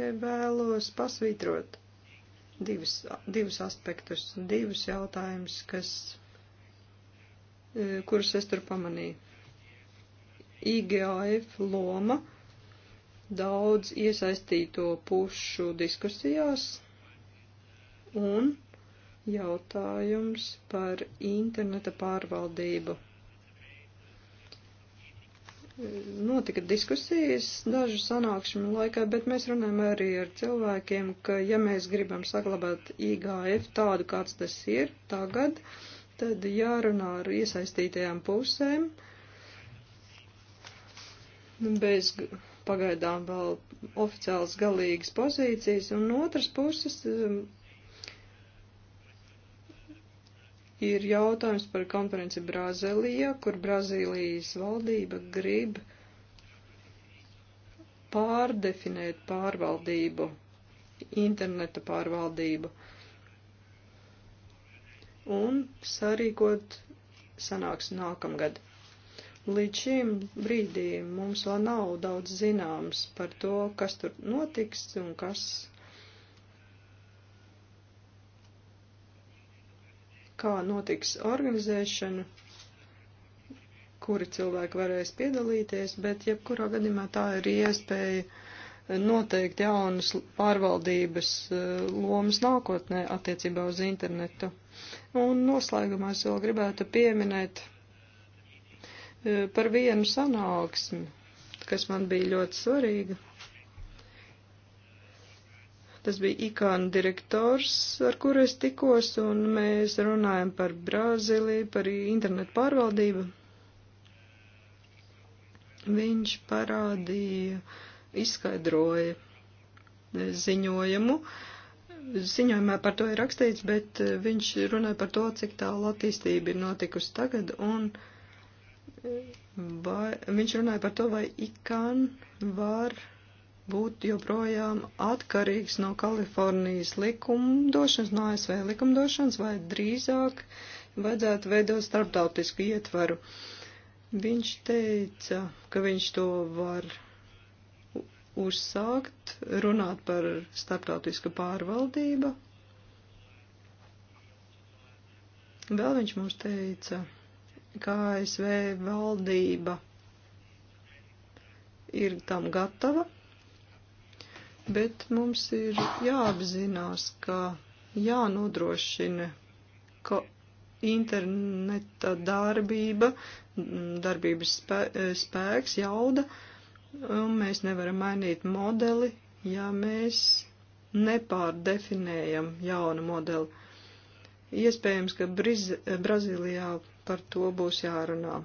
tikai vēlos pasvītrot divus, divus aspektus, divus jautājumus, kas, e, kurus es tur pamanīju. IGAF loma daudz iesaistīto pušu diskusijās un jautājums par interneta pārvaldību notika diskusijas dažu sanākšanu laikā, bet mēs runājam arī ar cilvēkiem, ka ja mēs gribam saglabāt IGF tādu, kāds tas ir tagad, tad jārunā ar iesaistītajām pusēm. Bez pagaidām vēl oficiāls galīgas pozīcijas, un otras puses ir jautājums par konferenci Brazīlijā, kur Brazīlijas valdība grib pārdefinēt pārvaldību, interneta pārvaldību un sarīkot sanāks nākamgad. Līdz šim brīdim mums vēl nav daudz zināms par to, kas tur notiks un kas kā notiks organizēšana, kuri cilvēki varēs piedalīties, bet jebkurā gadījumā tā ir iespēja noteikt jaunas pārvaldības eh, lomas nākotnē attiecībā uz internetu. Un noslēgumā es vēl gribētu pieminēt eh, par vienu sanāksmi, kas man bija ļoti svarīga. Tas bija ikāna direktors, ar kuru es tikos, un mēs runājam par Brazīliju, par internetu pārvaldību. Viņš parādīja, izskaidroja ziņojumu. Ziņojumā par to ir rakstīts, bet eh, viņš runāja par to, cik tālu attīstība ir notikusi tagad, un eh, vai, viņš runāja par to, vai ikāna var būt joprojām atkarīgs no Kalifornijas likumdošanas, no ASV likumdošanas, vai drīzāk vajadzētu veidot starptautisku ietvaru. Viņš teica, ka viņš to var uzsākt, runāt par starptautiska pārvaldība. Vēl viņš mums teica, ka ASV valdība ir tam gatava bet mums ir jāapzinās, ka jānodrošina, ka interneta darbība, darbības spē, spēks, jauda, un mēs nevaram mainīt modeli, ja mēs nepārdefinējam jaunu modeli. Iespējams, ka Briz Brazīlijā par to būs jārunā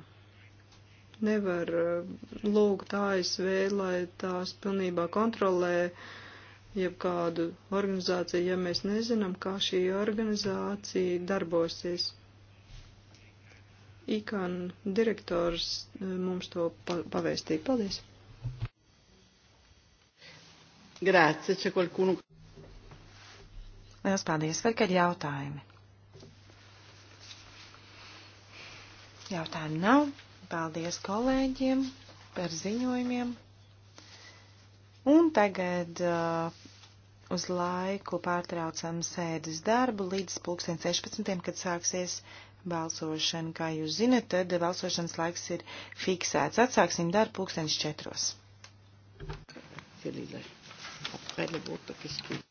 nevar eh, lūgt ASV, lai tās pilnībā kontrolē jebkādu organizāciju, ja mēs nezinām, kā šī organizācija darbosies. IKAN direktors eh, mums to pavēstīja. Paldies! Grāci, čia qualcuno. Liels paldies, vai kad jautājumi? Jautājumi nav. Paldies kolēģiem par ziņojumiem. Un tagad uh, uz laiku pārtraucam sēdes darbu līdz pulksten 16, kad sāksies balsošana. Kā jūs zinat, tad balsošanas laiks ir fiksēts. Atsāksim darbu pulkstens 4. Après le vote, qu'est-ce qu'il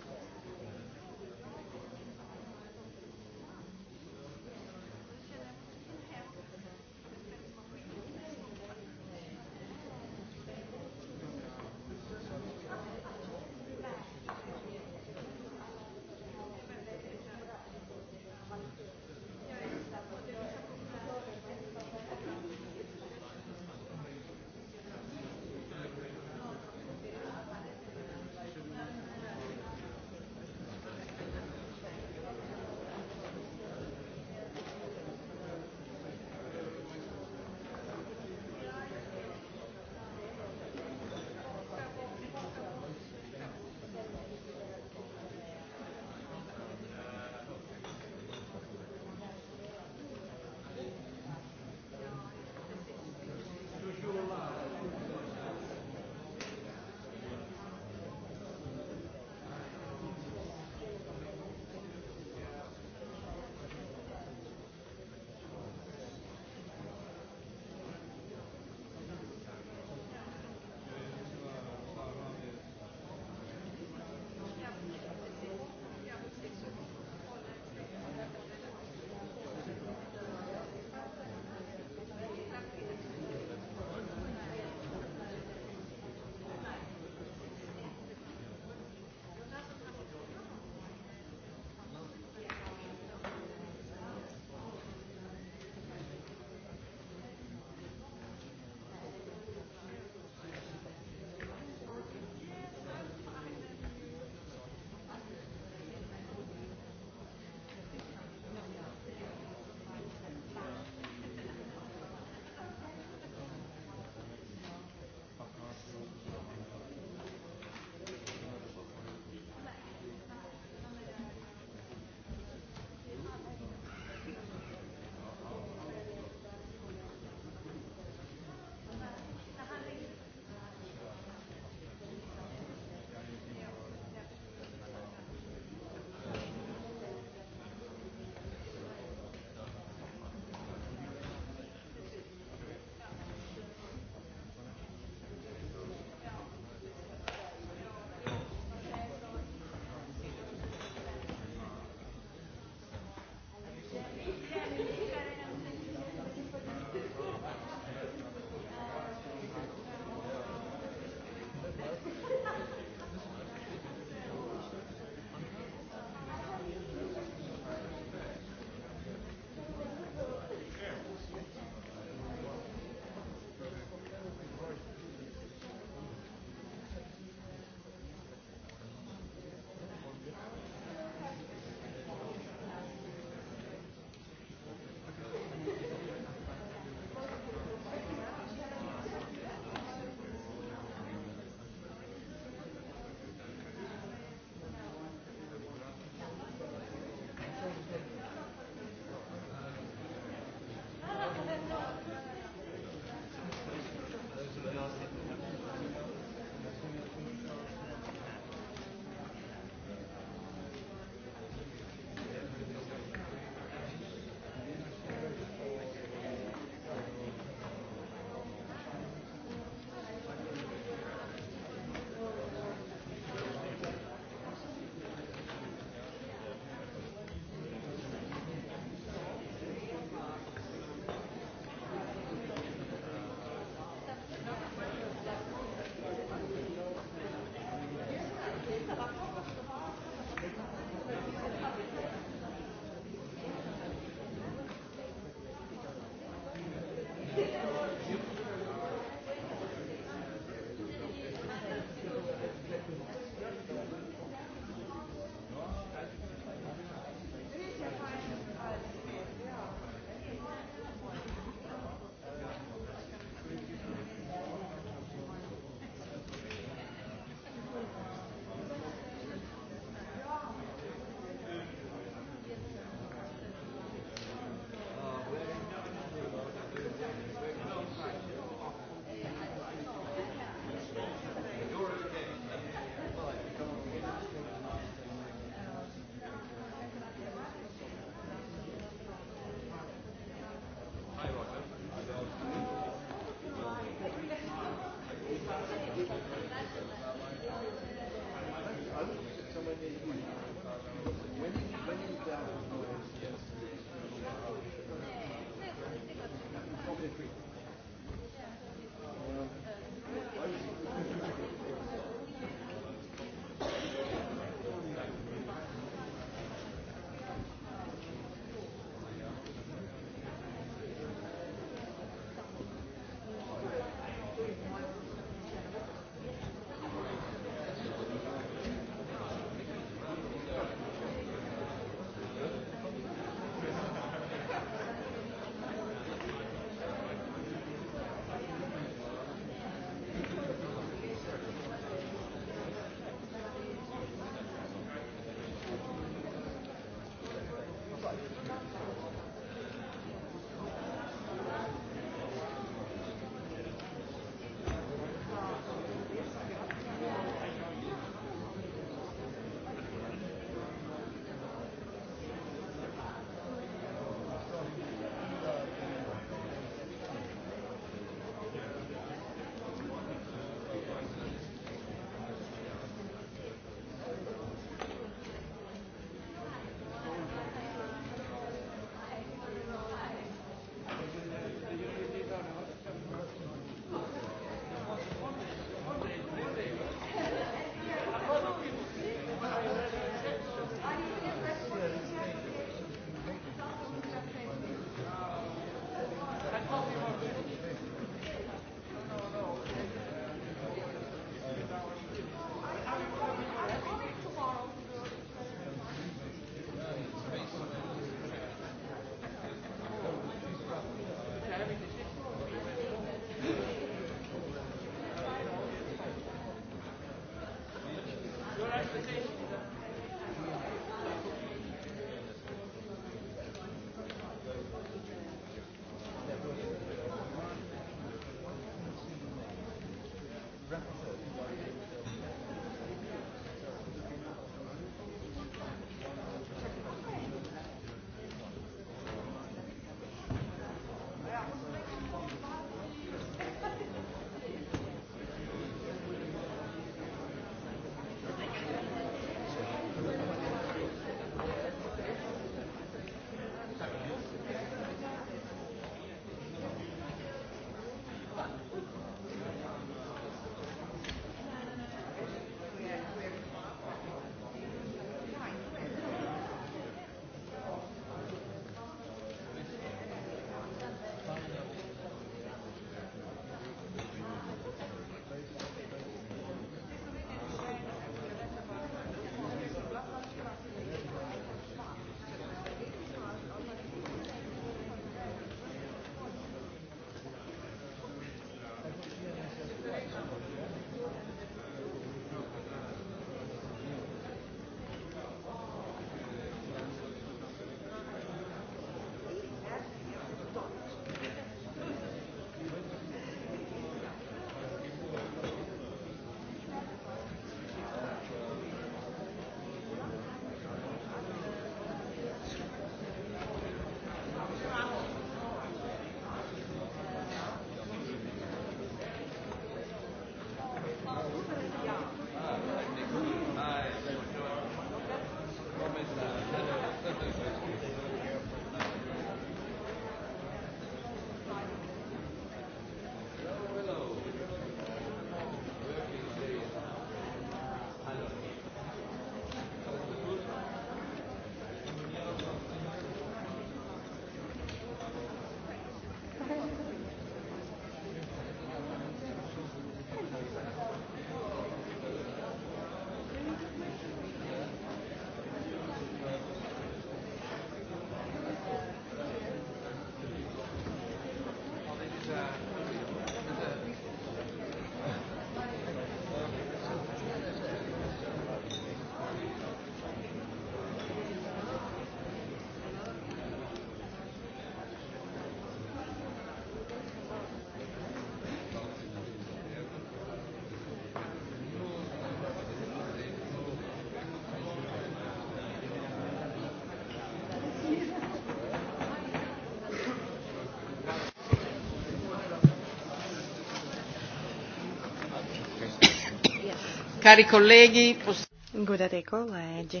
Cari kolēģi, pus... Godātie kolēģi,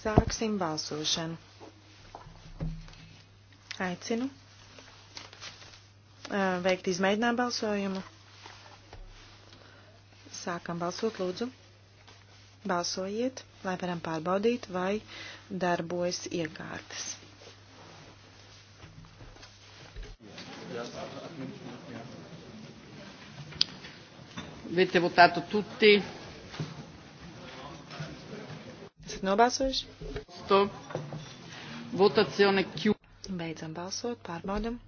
sāksim balsošanu. Aicinu veikt izmēģinājumu balsojumu. Sākam balsot, lūdzu. Balsojiet, lai varam pārbaudīt, vai darbojas iekārtas. Avete votato tutti? Nobalsojuši. Votazione chiusa. Beidzam balsot, pārbaudam.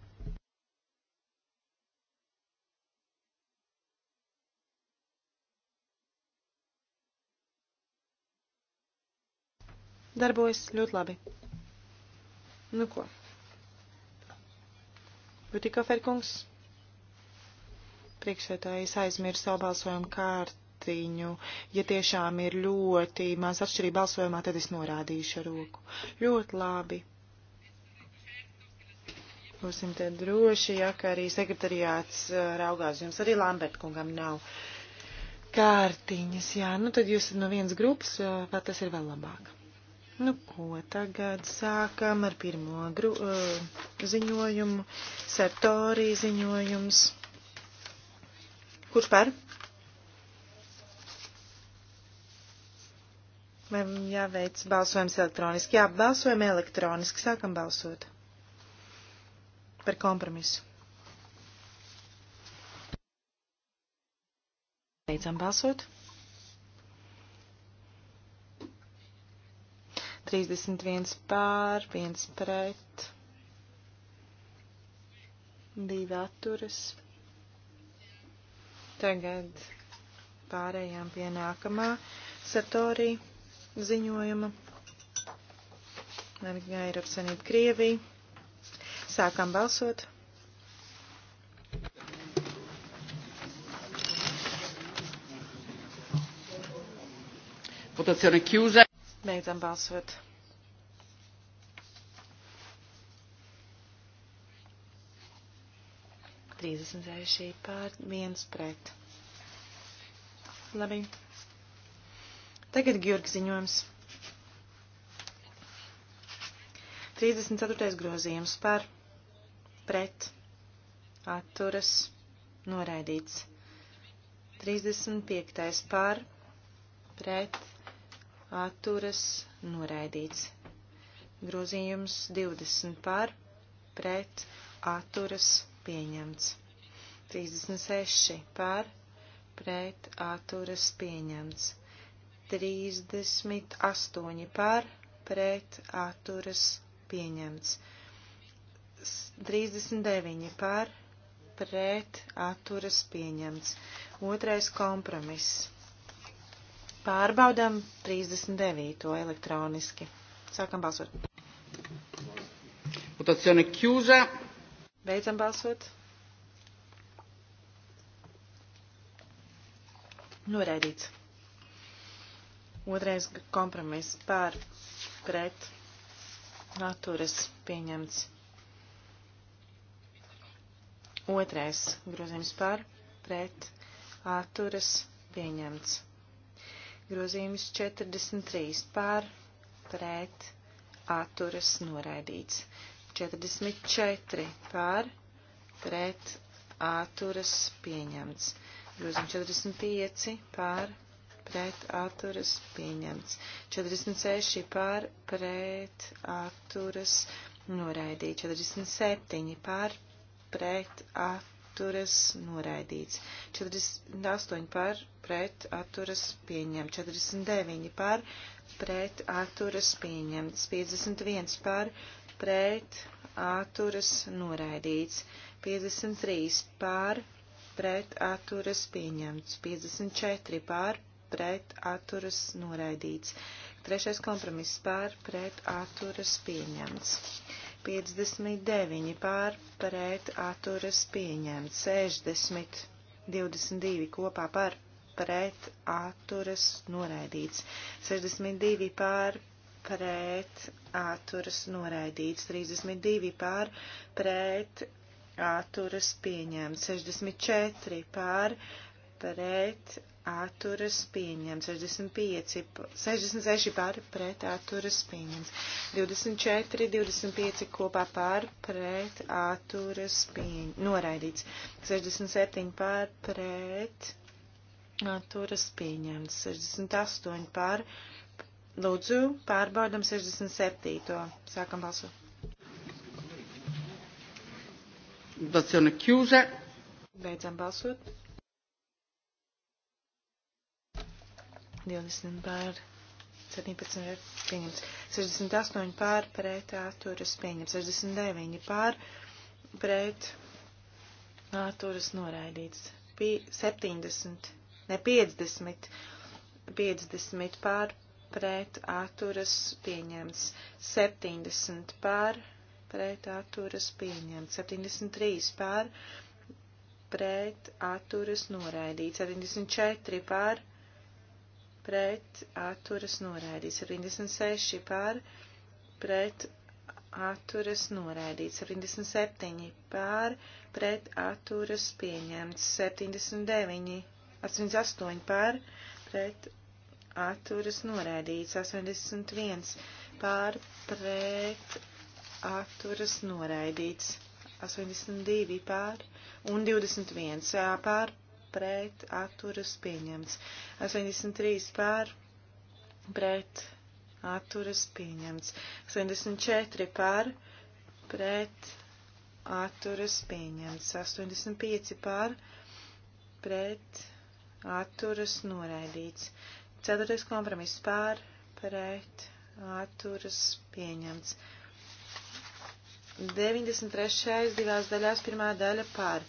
Darbojas ļoti labi. Nu ko? Butika Ferkungs. Priekšsētājs aizmirst savu balsojumu kārtiņu. Ja tiešām ir ļoti maz atšķirība balsojumā, tad es norādīšu ar roku. Ļoti labi. Būsim te droši, ja ka arī sekretariāts eh, raugās jums. Arī Lambertkungam nav kārtiņas, jā. Nu, tad jūs no vienas grupas, eh, vai tas ir vēl labāk? Nu, ko tagad sākam ar pirmo gru, uh, ziņojumu, sektorī ziņojums. Kurš par? Vai jāveic balsojums elektroniski? Jā, balsojam elektroniski. Sākam balsot par kompromisu. Beidzam balsot. 31 pār, 1 pret, 2 atturas. Tagad pārējām pie nākamā Satorī ziņojuma. Navigā Eiropas Savienība Krievija. Sākam balsot. Votazione chiusa. Beidzam balsot. 36 pār 1 pret. Labi. Tagad Gjurga ziņojums. 34. grozījums par pret atturas noraidīts. 35. par pret atturas noraidīts. Grozījums 20 par pret atturas noraidīts pieņemts. 36 par pret atturas pieņemts. 38 par pret atturas pieņemts. 39 par pret atturas pieņemts. Otrais kompromiss. Pārbaudam 39. elektroniski. Sākam balsot. Votazione chiusa. Beidzam balsot. Noraidīts. Otrais kompromiss pār pret naturas pieņemts. Otrais grozījums pār pret atturas pieņemts. Grozījums 43 pār pret atturas noraidīts. 44 pār pret āturas pieņemts. Grozījums 45 pār pret āturas pieņemts. 46 pār pret āturas noraidīts. 47 pār pret āturas noraidīts. 48 pār pret āturas pieņemts. 49 pār pret āturas pieņemts. 51 pār pret pret atturas noraidīts, 53 pār pret atturas pieņemts, 54 pār pret atturas noraidīts, 3. kompromiss pār pret atturas pieņemts. 59 pār pret atturas pieņemts, 60, 22 kopā par pret atturas noraidīts, 62 pār pret atturas noraidīts, 32 pār pret atturas pieņemts, 64 pār pret atturas pieņemts, 65, 66 pār pret atturas pieņemts, 24, 25 kopā pār pret atturas pieņemts, noraidīts, 67 pār pret atturas pieņemts, 68 pār pret Lūdzu, pārbaudam 67. Sākam balsot. Votazione chiusa. Beidzam balsot. 20 pār 17 ir pieņemts. 68 pār pret āturas pieņemts. 69 pār pret āturas noraidīts. Pie 70, ne 50, 50 pār pret atturas pieņemts, 70 pār pret atturas pieņemts, 73 pār pret atturas noraidīts, 74 pār pret atturas noraidīts, 76 pār pret atturas noraidīts, 77 pār pret atturas pieņemts, 79, 88 pār pret atturas noraidīts. 81 pār pret atturas noraidīts. 82 pār un 21 pār pret atturas pieņemts. 83 pār pret atturas pieņemts. 84 pār pret atturas pieņemts. 85 pār pret atturas noraidīts. Ceturtais kompromiss pār, pret, atturas pieņemts. 93. divās daļās pirmā daļa pār,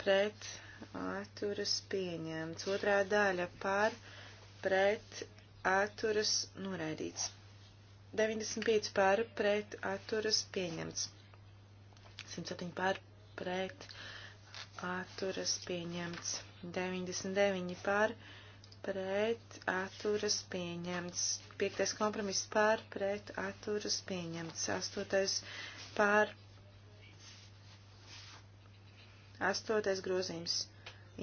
pret, atturas pieņemts. Otrā daļa pār, pret, atturas noraidīts. 95 pār, pret, atturas pieņemts. 107 pār, pret, atturas pieņemts. 99 pār, pret pret atturas pieņemts. Piektais kompromiss par pret atturas pieņemts. Astotais par. Astotais grozījums.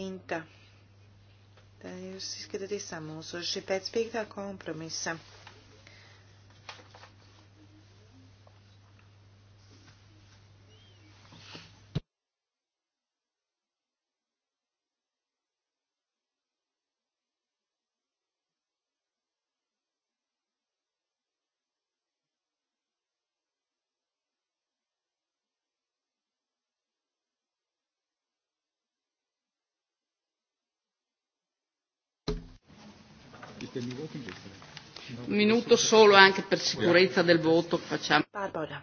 Inta. Tā jūs izskatāties samulsoši pēc piektā kompromisa. Un minuto solo anche per sicurezza del voto che facciamo. Barbara.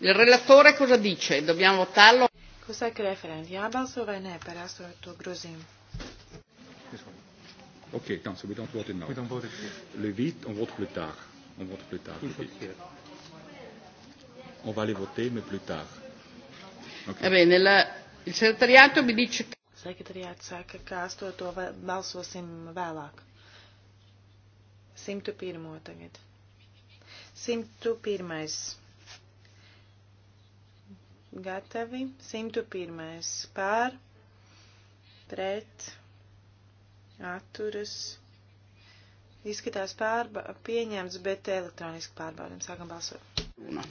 Il relatore cosa dice? Dobbiamo votarlo? Ko saka referenti, jābalso vai nē par astoto grozījumu? Ok, council, we don't vote it now. We don't vote it. Le 8, on vote plus tard. On vote plus tard. On va les voter, mais plus tard. Okay. Va eh bene, la, il segretariato mi dice che... Sekretariāts saka, ka astoto balsosim vēlāk. 101. tagad. 101. Gatavi. 101. pār, pret, atturas, Izskatās pārba, pieņemts, bet elektroniski pārbaudam. Sākam balsot. Luna.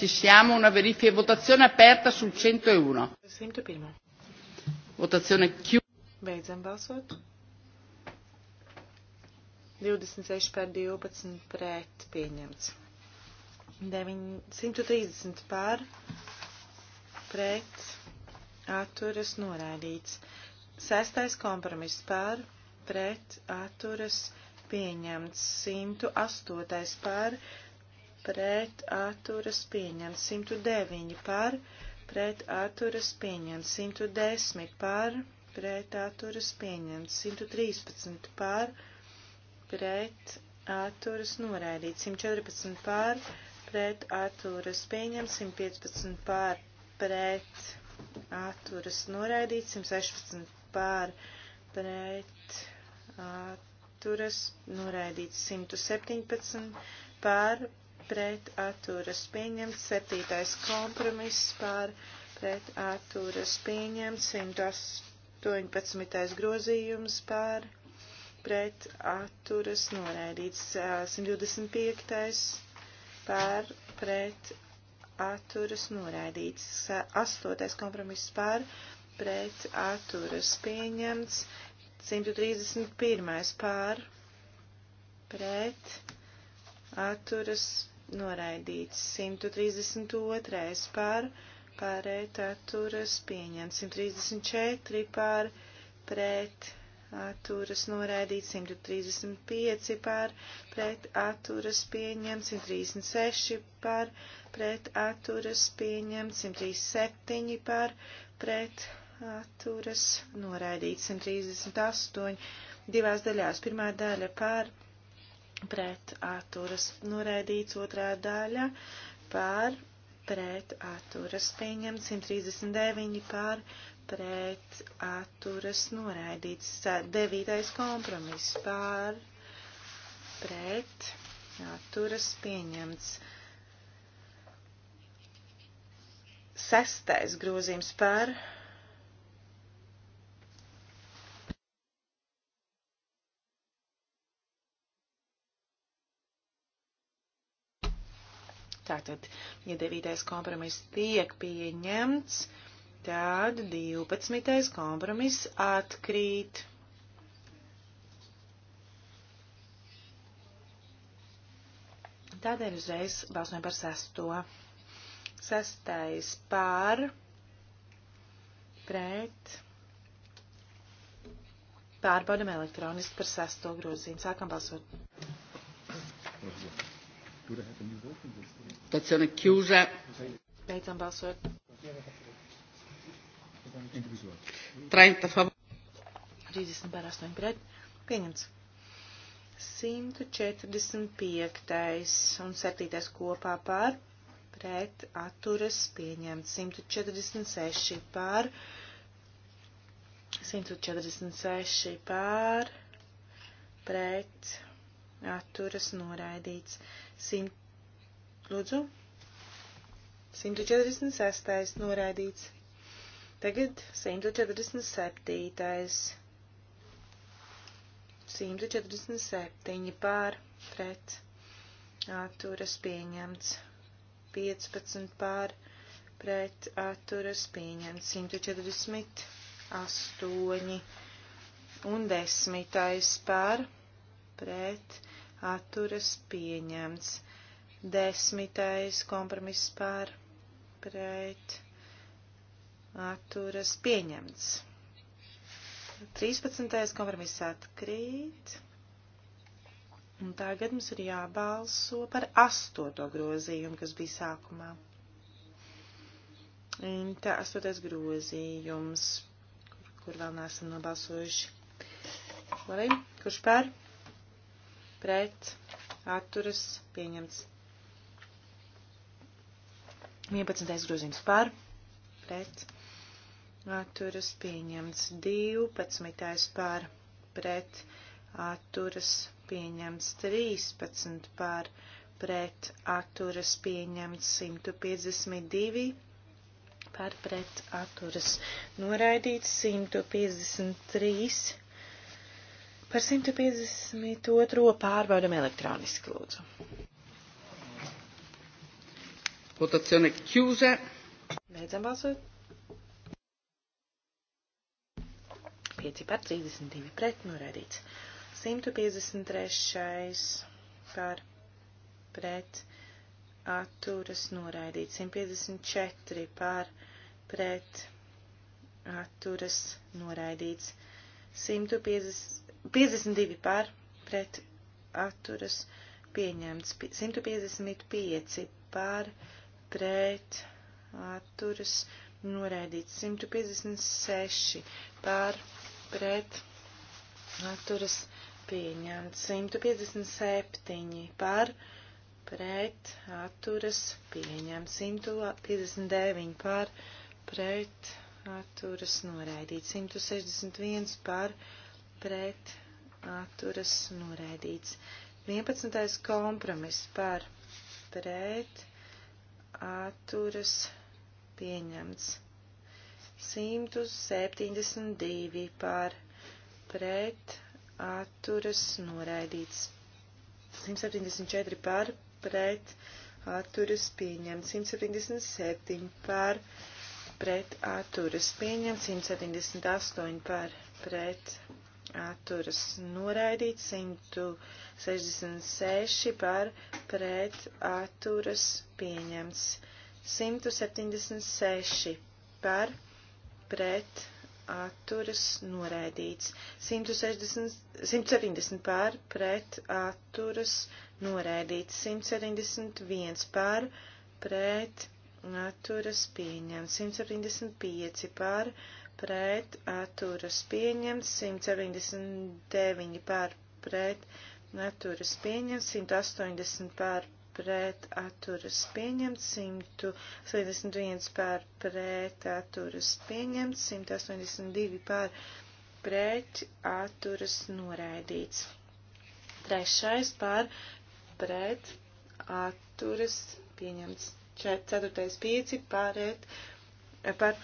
Ci siamo una verifica votazione aperta sul 101. 101. Votazione chiusa. Beidzam balsot. 26 pār 12 pret pieņemts. 930 pār pret atturas norādīts. Sestais kompromiss par, pret, atturas, pieņemts. 108. par, pret, atturas, pieņemts. 109. par, pret, atturas, pieņemts. 110. par, pret, atturas, pieņemts. 113. par, pret, atturas, noraidīts. 114. par, pret, atturas, pieņemts. 115. par, pret, atturas, noraidīts. 116 pār pret atturas noraidīts 117 pār pret atturas pieņemts 7. kompromiss pār pret atturas pieņemts 118. grozījums pār pret atturas noraidīts 125. pār pret atturas noraidīts. Astotais kompromiss pār pret atturas pieņemts. 131. pār pret atturas noraidīts. 132. pār pret atturas pieņemts. 134. pār pret atturas noraidīts 135 pār, pret atturas pieņemts 136 pār, pret atturas pieņemts 137 pār, pret atturas noraidīts 138 divās daļās. Pirmā daļa par pret atturas noraidīts, otrā daļa par pret atturas pieņemts 139 par pret atturas noraidīts 9. kompromiss par pret atturas pieņemts sestais grozījums par pret Tātad, ja 9. kompromiss tiek pieņemts, tad 12. kompromiss atkrīt. Tādēļ uzreiz balsojam par sesto. Sestais par, pret, pārbaudam elektroniski par sesto grozījumu. Sākam balsot. Mhm. Votazione chiusa. Beidzam balsot. 30 favor. 30 par 8 pret. Pieņemts. 145. un 7. kopā pār pret atturas pieņemts 146 pār 146 pār pret atturas noraidīts. Simt, lūdzu, 146. noraidīts. Tagad 147. 147 pār pret atturas pieņemts. 15 pār pret atturas pieņemts. 148 un 10 pār pret atturas pieņemts. Desmitais kompromiss par pret atturas pieņemts. 13. kompromiss atkrīt. Un tagad mums ir jābalso par astoto grozījumu, kas bija sākumā. Un tā astotais grozījums, kur, kur vēl neesam nobalsojuši. Labi, kurš pēr? pret, atturas, pieņemts. 11. grozījums par, pret, atturas, pieņemts. 12. par, pret, atturas, pieņemts. 13. par, pret, atturas, pieņemts. 152 par, pret, atturas, noraidīts. 153 Par 152. pārbaudam elektroniski lūdzu. Votazione chiusa. Beidzam balsot. 5 par 32 pret norādīts. 153 par pret atturas noraidīts. 154 par pret atturas noraidīts. 150 52 par pret atturas pieņemts, 155 par pret atturas noraidīts, 156 par pret atturas pieņemts, 157 par pret atturas pieņemts, 159 par pret atturas noraidīts, 161 par pret pret atturas noraidīts. 11. kompromiss par pret atturas pieņemts. 172 par pret atturas noraidīts. 174 par pret atturas pieņemts. 177 par pret atturas pieņemts. 178 par pret atturas noraidīt 166 par pret atturas pieņemts 176 par pret atturas noraidīts 160, 170 par pret atturas noraidīts 171 par pret atturas pieņemts 175 par pret pret atturas pieņemts, 179 pār pret atturas pieņemts, 180 pār pret atturas pieņemts, 171 pār pret atturas pieņemts, 182 pār pret atturas noraidīts. Trešais pār pret atturas pieņemts. Čet, ceturtais pieci pārēt par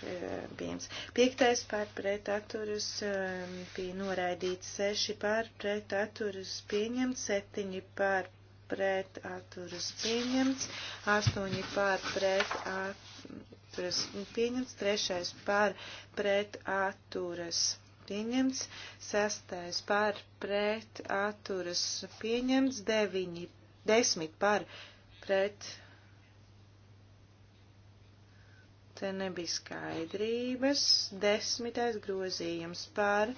pieņems. Eh, Piektais par pretaturas eh, bija noraidīts, seši par pretaturas pieņemts, septiņi par pretaturas pieņemts, astoņi par pretaturas pieņemts, trešais par pretaturas pieņemts, sestais par pretaturas pieņemts, deviņi, desmit par pretaturas Te nebija skaidrības. Desmitais grozījums par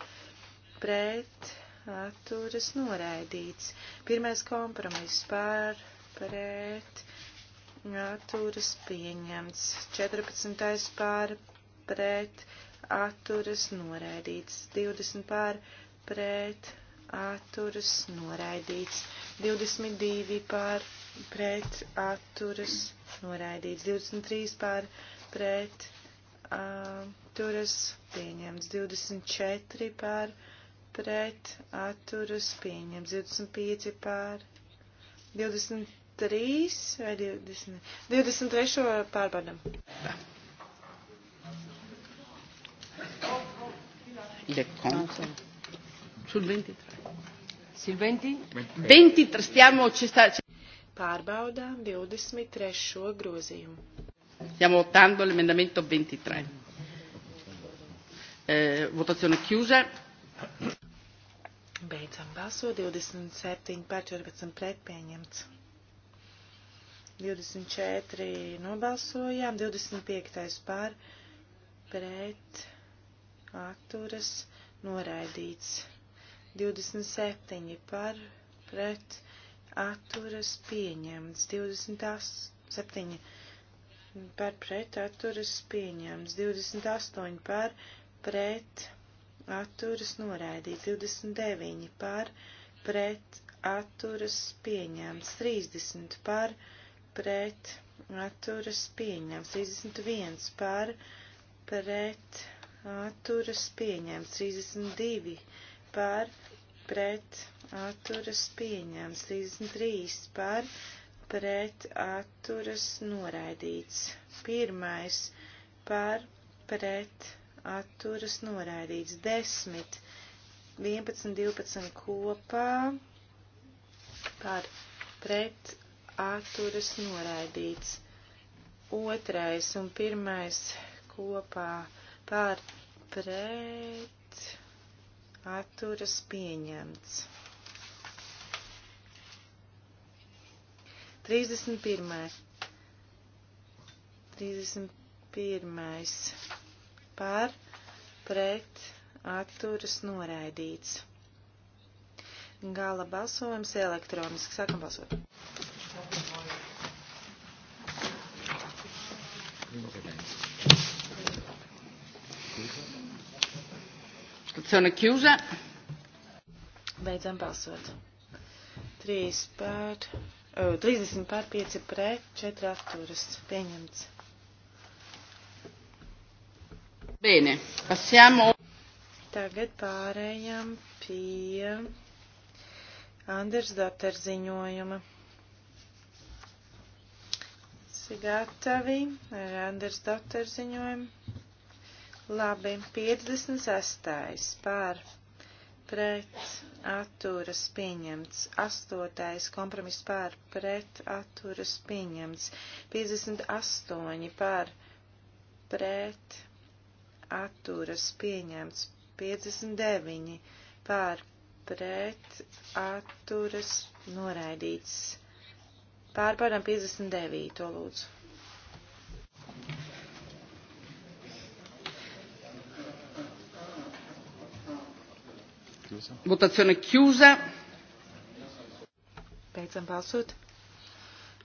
pret atturas noraidīts. Pirmais kompromiss par pret atturas pieņemts. 14. par pret atturas noraidīts. 20 par pret atturas noraidīts, 22 pār pret atturas noraidīts, 23 pār pret atturas pieņemts 24 pār pret atturas pieņemts 25 pār 23 vai 20, 23 pārbaudam. Il est contre. Sul 23. Sul 20? 23. 23 stiamo, ci sta, ci... Pārbaudām 23. grozījumu. Stiamo votando l'emendamento 23. Eh, votazione chiusa. Beidzam balso 27 par 14 pret pieņemts. 24 nobalsojām, 25 par pret atturas noraidīts. 27 par pret atturas pieņemts. 27 par pret atturas pieņemts, 28 par pret atturas noraidīts, 29 par pret atturas pieņemts, 30 par pret atturas pieņemts, 31 par pret atturas pieņemts, 32 par pret atturas pieņemts, 33 par pret pret atturas noraidīts. Pirmais par pret atturas noraidīts. Desmit, 11, 12 kopā par pret atturas noraidīts. Otrais un pirmais kopā par pret atturas pieņemts. 31. 31. Par, pret, atturas noraidīts. Gala balsojums elektroniski. Sākam balsot. Stazione chiusa. Beidzam balsot. Trīs pār. 30 eh, pār 5 pret, 4 atturas pieņemts. Bene, passiamo. Tagad pārējām pie Anders Dater ziņojuma. Visi gatavi ar Anders Dater ziņojumu. Labi, 56. pār pret atturas pieņemts, 8. kompromiss pār pret atturas pieņemts, 58 pār pret atturas pieņemts, 59 pār pret atturas noraidīts. Pārbaudām 59. lūdzu. chiusa. Votazione chiusa. Beidzam balsot.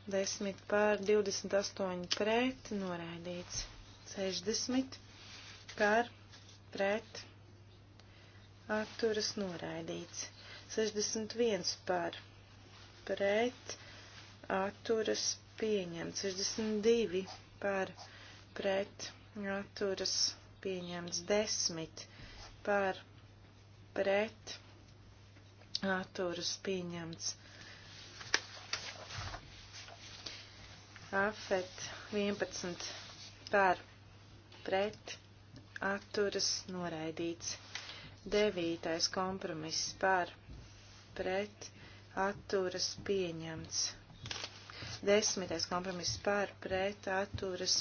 10 pār 28 pret noraidīts. 60 pār pret atturas noraidīts. 61 pār pret atturas pieņemts. 62 pār pret atturas pieņemts. 10 pār pret atturas pieņemts. Afet 11 par pret atturas noraidīts. 9. kompromiss par pret atturas pieņemts. 10. kompromiss par pret atturas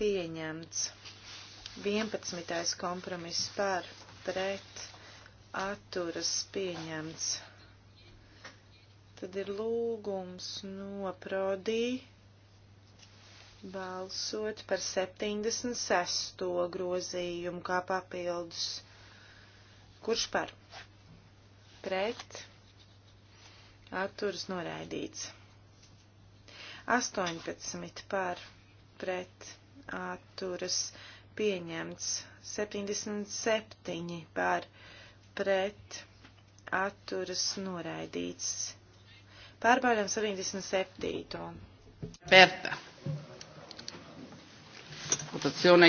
pieņemts. 11. kompromiss par pret atturas pieņemts atturas pieņemts. Tad ir lūgums noprodī balsot par 76. grozījumu kā papildus. Kurš par? Pret. Atturas noraidīts. 18 par pret atturas pieņemts. 77 par pret pret atturas noraidīts. Pārbaudām 77. Pērta. Votazione.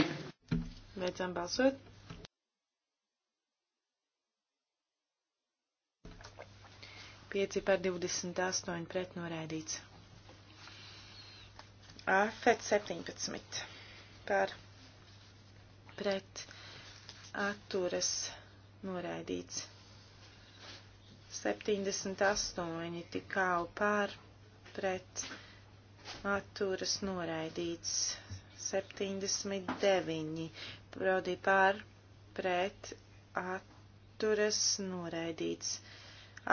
Beidzam balsot. Pieci par 28 pret noraidīts. AFET 17 par pret atturas noraidīts noraidīts. 78 tikau pār pret atturas noraidīts. 79 prodi pār pret atturas noraidīts.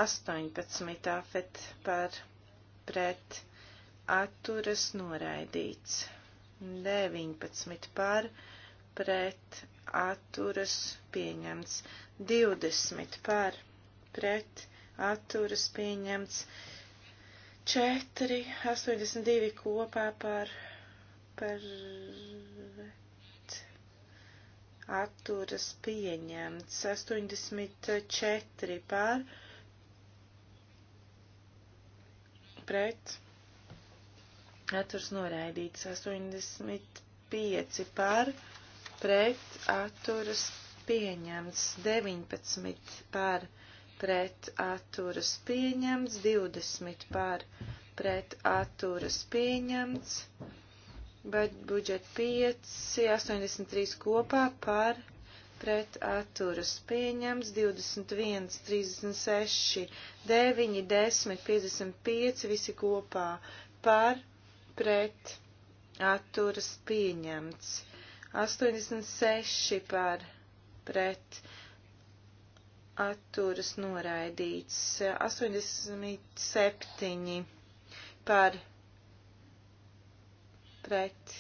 18 afet par pret atturas noraidīts. 19 par pret atturas pieņemts. 20 par pret atturas pieņemts 4, 82 kopā par pret atturas pieņemts 84 par pret atturas noraidīts 85 par pret atturas pieņemts pieņemts 19 par pret atturas pieņemts 20 par pret atturas pieņemts, bet budžet 5, 83 kopā par pret atturas pieņemts 21, 36, 9, 10, 55 visi kopā par pret atturas pieņemts. 86 par pret atturas noraidīts. 87 par pret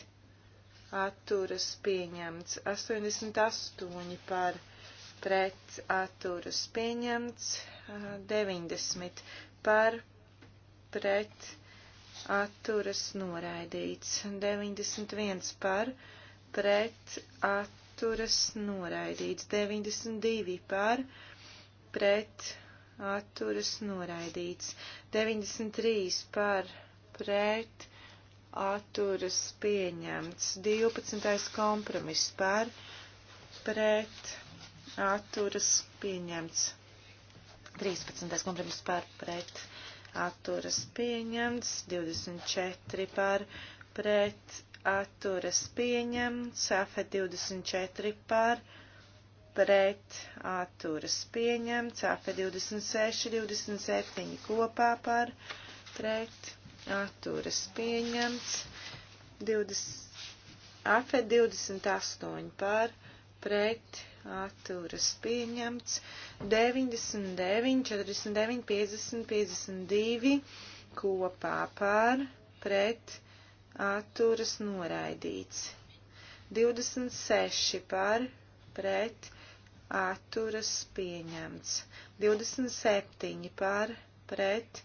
atturas pieņemts. 88 par pret atturas pieņemts. 90 par pret atturas noraidīts. 91 par pret atturas atturas noraidīts. 92 par pret atturas noraidīts. 93 par pret atturas pieņemts. 12. kompromiss par pret atturas pieņemts. 13. kompromiss par pret atturas pieņemts. 24 par pret atturas pieņemts, afet 24 par, pret atturas pieņemts, afet 26, 27 kopā par, pret atturas pieņemts, 20, afet 28 par, pret atturas pieņemts, 99, 49, 50, 52 kopā par, pret atturas pieņemts atturas noraidīts. 26 par pret atturas pieņemts. 27 par pret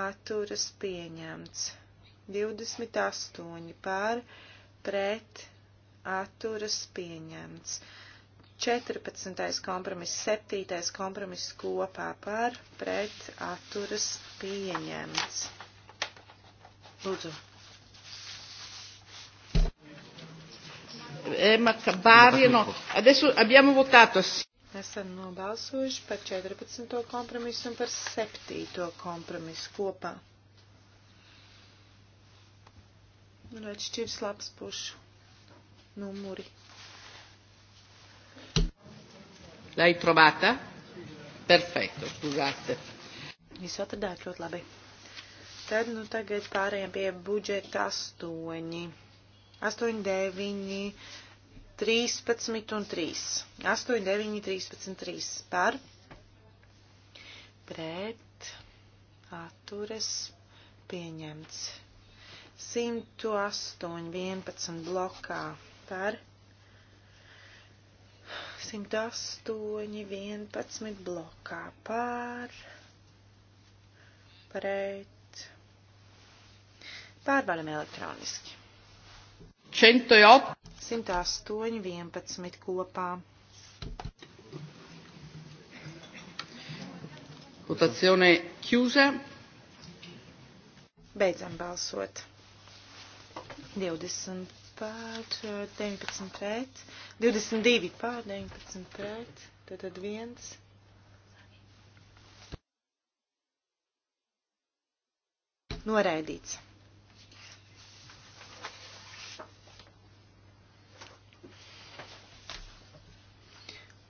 atturas pieņemts. 28 par pret atturas pieņemts. 14. kompromiss, 7. kompromiss kopā par pret atturas pieņemts. Lūdzu. eh, Bārjeno. Adesso abbiamo votato. Esam nobalsojuši par 14. kompromisu un par 7. kompromisu kopā. Un nu, atšķirs labs pušu numuri. L'hai trovata? Perfetto, scusate. Jūs atradāt ļoti labi. Tad nu tagad pārējām pie budžeta astoņi. 8, 9, 13 un 3. 8, 9, 13, 3. Par. Pret. Atturas. Pieņemts. 108, 11 blokā. Par. 108, 11 blokā. Par. Pret. Pārbaudam elektroniski. 108, 11 kopā. Votazione chiusa. Beidzam balsot. 20 pār 19 pret, 22 pār 19 pret, tad, tad viens. Noraidīts.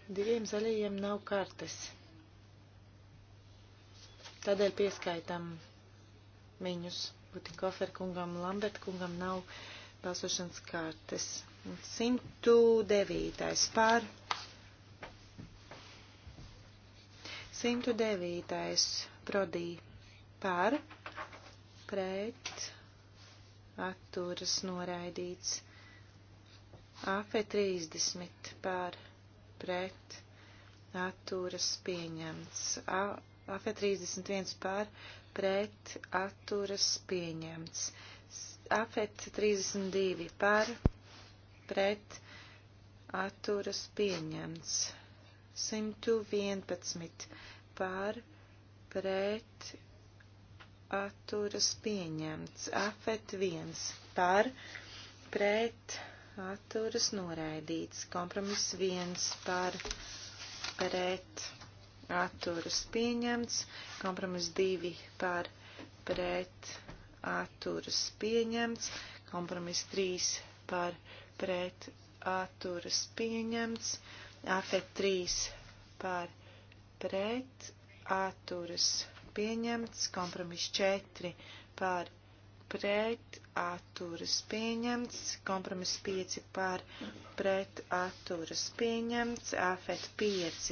Diviem zaļajiem nav kartes. Tādēļ pieskaitam viņus. Butikofer kungam, Lambert kungam nav balsošanas kartes. 109. pār. 109. prodī pār. Pret. Atturas noraidīts. AF 30 pār pret atturas pieņemts. AFE 31 pār pret atturas pieņemts. AFE 32 pār pret atturas pieņemts. 111 pār pret atturas pieņemts. AFE 1 pār pret atturas noraidīts. Kompromiss viens par pret atturas pieņemts. Kompromiss divi par pret atturas pieņemts. Kompromiss trīs par pret atturas pieņemts. Afet trīs par pret atturas pieņemts. Kompromiss četri par pret atturas pieņemts, kompromiss 5 par pret atturas pieņemts, afet 5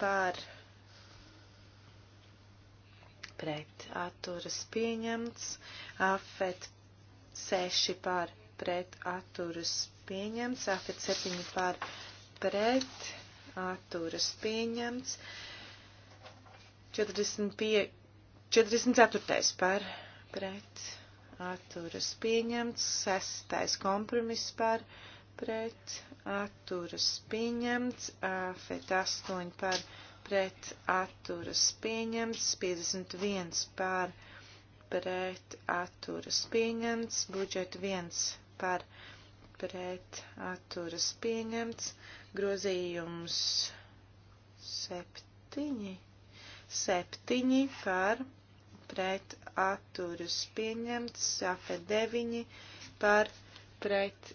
par pret atturas pieņemts, afet 6 par pret atturas pieņemts, afet 7 par pret atturas pieņemts, 45, 44 par pret atturas pieņemts, sestais kompromiss par pret atturas pieņemts, afet 8 par pret atturas pieņemts, 51 par pret atturas pieņemts, budžet 1 par pret atturas pieņemts, grozījums 7, 7 par pret pret atturas pieņemts, safet 9 par pret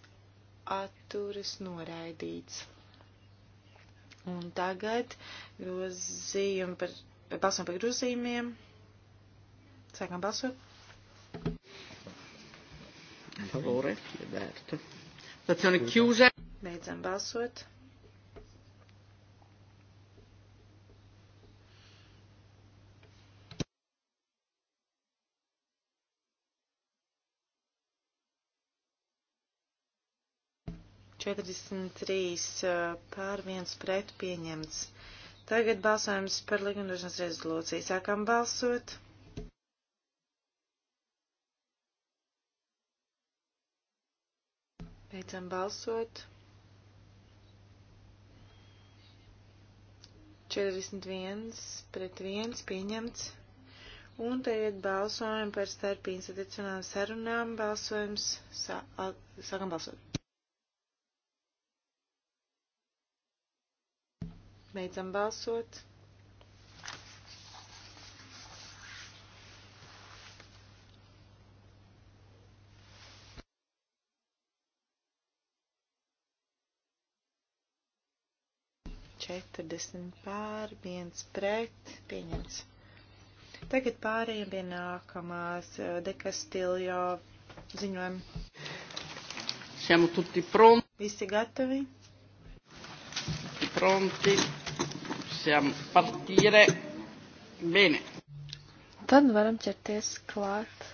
atturas noraidīts. Un tagad grozījumi par, balsam par grozījumiem. Sākam balsot. Favore, liberto. Stazione chiusa. Beidzam balsot. 43 pār 1 pret pieņemts. Tagad balsojums par likumdošanas rezolūciju. Sākam balsot. Beidzam balsot. 41 pret 1 pieņemts. Un tagad balsojam par starp institucionālām sarunām. Balsojums sā, sākam balsot. Beidzam balsot. Četrdesmit pār, viens pret, pieņems. Tagad pārējiem pie nākamās eh, dekastiljo ziņojuma. Siamo tutti pronti. Visi gatavi? Tutti pronti possiamo partire bene. Tad varam ķerties klāt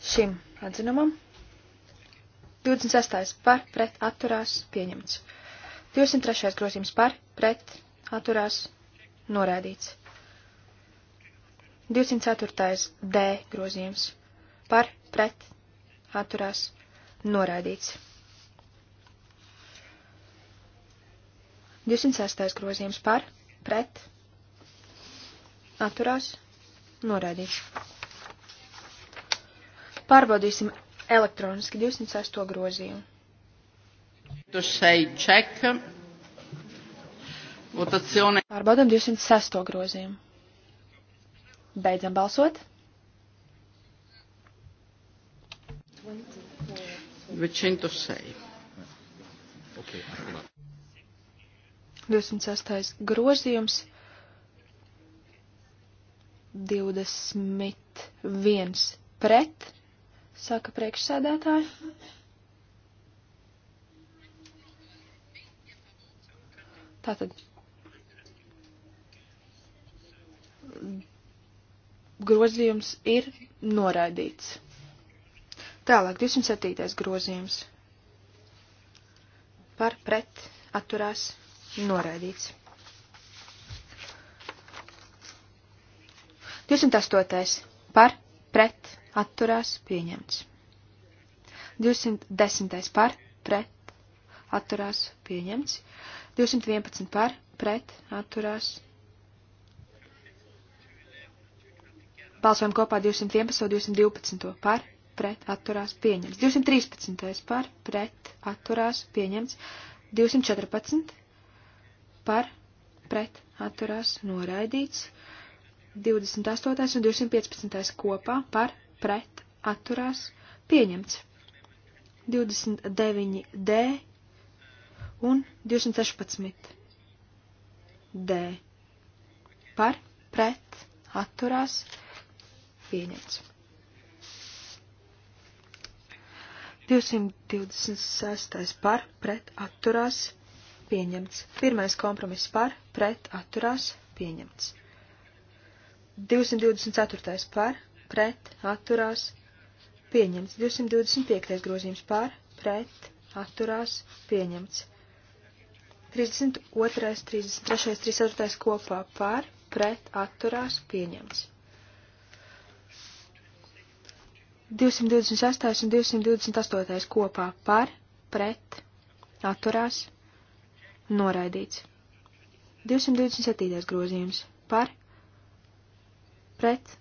šim atzinumam. 26. par pret atturās pieņemts. 203. grozījums par pret atturās norādīts. 204. D grozījums par pret atturās norādīts. 206. grozījums par, pret, atturās, noraidīts. Pārbaudīsim elektroniski 206. grozījumu. Tu šeit ček. Votacione. Pārbaudam 206. grozījumu. Beidzam balsot. 206. Okay. 26. grozījums 21 pret, saka priekšsēdētāji. Tātad grozījums ir noraidīts. Tālāk 207. grozījums par pret atturās Noraidīts. 208. par, pret, atturās, pieņemts. 210. par, pret, atturās, pieņemts. 211. par, pret, atturās. Balsojam kopā 211. 212. par, pret, atturās, pieņemts. 213. par, pret, atturās, pieņemts. 214 par pret atturās noraidīts. 28. un 215. kopā par pret atturās pieņemts. 29D un 216 D par pret atturās pieņemts. 226 par pret atturās pieņemts pieņemts. Pirmais kompromiss par, pret, atturās, pieņemts. 224. par, pret, atturās, pieņemts. 225. grozījums par, pret, atturās, pieņemts. 32., 33., 34. kopā par, pret, atturās, pieņemts. 228 un 228 kopā par, pret, atturās, pieņemts Noraidīts. 227. grozījums. Par. Pret.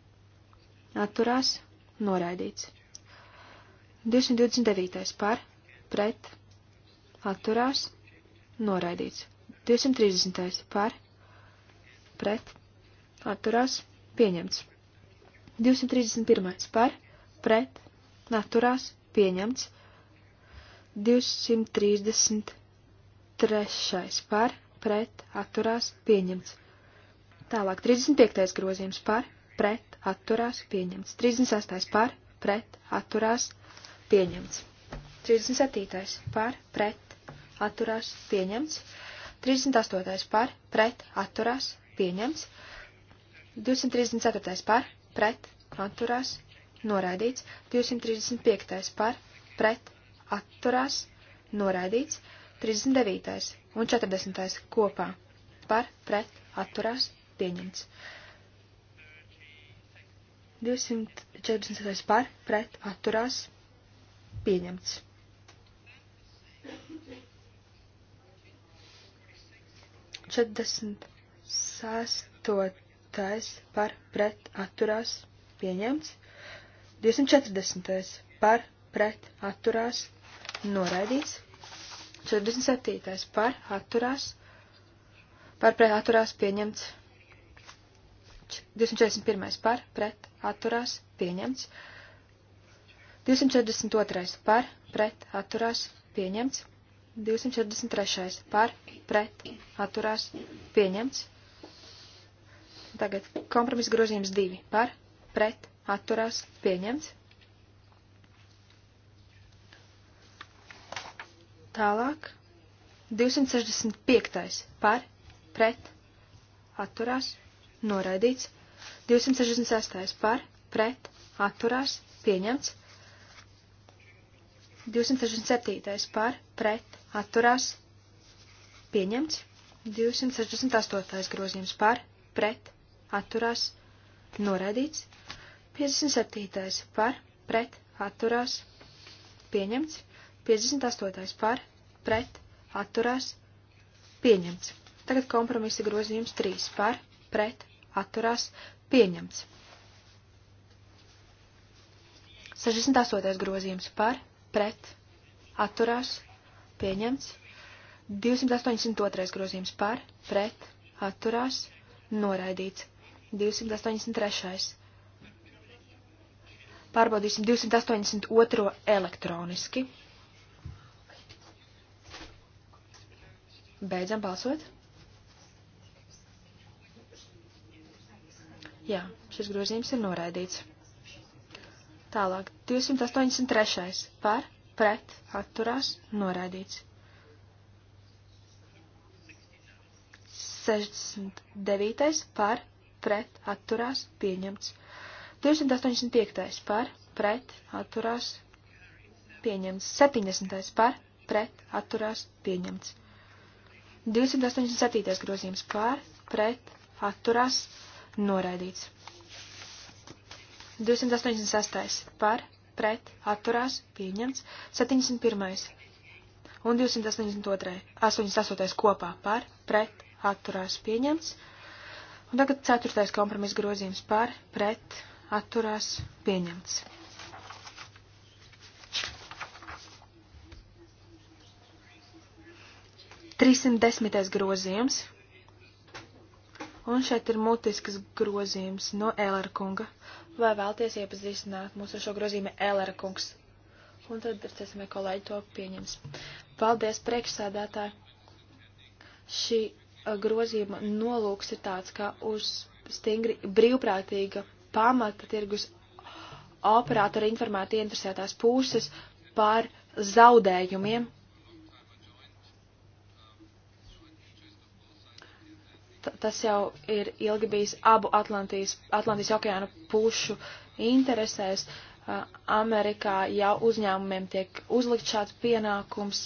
Atturās. Noraidīts. 229. Par. Pret. Atturās. Noraidīts. 230. Par. Pret. Atturās. Pieņemts. 231. Par. Pret. Atturās. Pieņemts. 230. Trešais par, pret, atturās, pieņemts. Tālāk 35. grozījums par, pret, atturās, pieņemts. 36. par, pret, atturās, pieņemts. 37. par, pret, atturās, pieņemts. 38. par, pret, atturās, pieņemts. 234. par, pret, atturās, noraidīts. 235. par, pret, atturās, noraidīts. 39. un 40. kopā par pret atturās pieņemts. 246. par pret atturās pieņemts. 46. par pret atturās pieņemts, 240. par pret atturās noraidīts, 47. par atturās, par pret atturās pieņemts. 241. par pret atturās pieņemts. 242. par pret atturās pieņemts. 243. par pret atturās pieņemts. Tagad kompromis grozījums 2 par pret atturās pieņemts. Tālāk. 265. par, pret, atturās, noraidīts. 266. par, pret, atturās, pieņemts. 267. par, pret, atturās, pieņemts. 268. grozījums par, pret, atturās, noraidīts. 57. par, pret, atturās, pieņemts. 58. par, pret, atturās, pieņemts. Tagad kompromisa grozījums 3 par, pret, atturās, pieņemts. 68. grozījums par, pret, atturās, pieņemts. 282. grozījums par, pret, atturās, noraidīts. 283. Pārbaudīsim 282. elektroniski. Beidzam balsot. Jā, šis grozījums ir noraidīts. Tālāk, 283. par, pret, atturās, noraidīts. 69. par, pret, atturās, pieņemts. 285. par, pret, atturās, pieņemts. 70. par, pret, atturās, pieņemts. 287. grozījums pār, pret, atturās, noraidīts. 286. par, pret, atturās, pieņemts. 71. un 282. 88. kopā par, pret, atturās, pieņemts. Un tagad 4. kompromis grozījums par, pret, atturās, pieņemts. 310. grozījums. Un šeit ir mutisks grozījums no Ēlera kunga. Vai vēlties iepazīstināt mūsu šo grozījumu Ēlera kungs? Un tad, redzēsim, ja kolēģi to pieņems. Paldies, priekšsēdētāji! Šī grozījuma nolūks ir tāds, ka uz stingri brīvprātīga pamata tirgus operatori informēta interesētās puses par zaudējumiem, tas jau ir ilgi bijis abu Atlantijas, Atlantijas okeāna pušu interesēs. Amerikā jau uzņēmumiem tiek uzlikt šāds pienākums.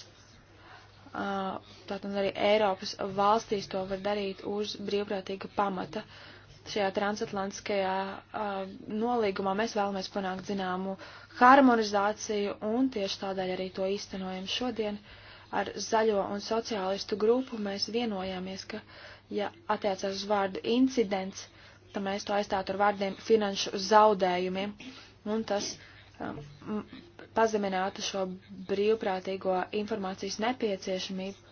Tātad arī Eiropas valstīs to var darīt uz brīvprātīga pamata. Šajā transatlantiskajā nolīgumā mēs vēlamies panākt zināmu harmonizāciju un tieši tādēļ arī to īstenojam šodien. Ar zaļo un sociālistu grupu mēs vienojāmies, ka uh, ja attiecas uz vārdu incidents, tad mēs to aizstātu ar vārdiem finanšu zaudējumiem, un tas um, pazeminātu šo brīvprātīgo informācijas nepieciešamību.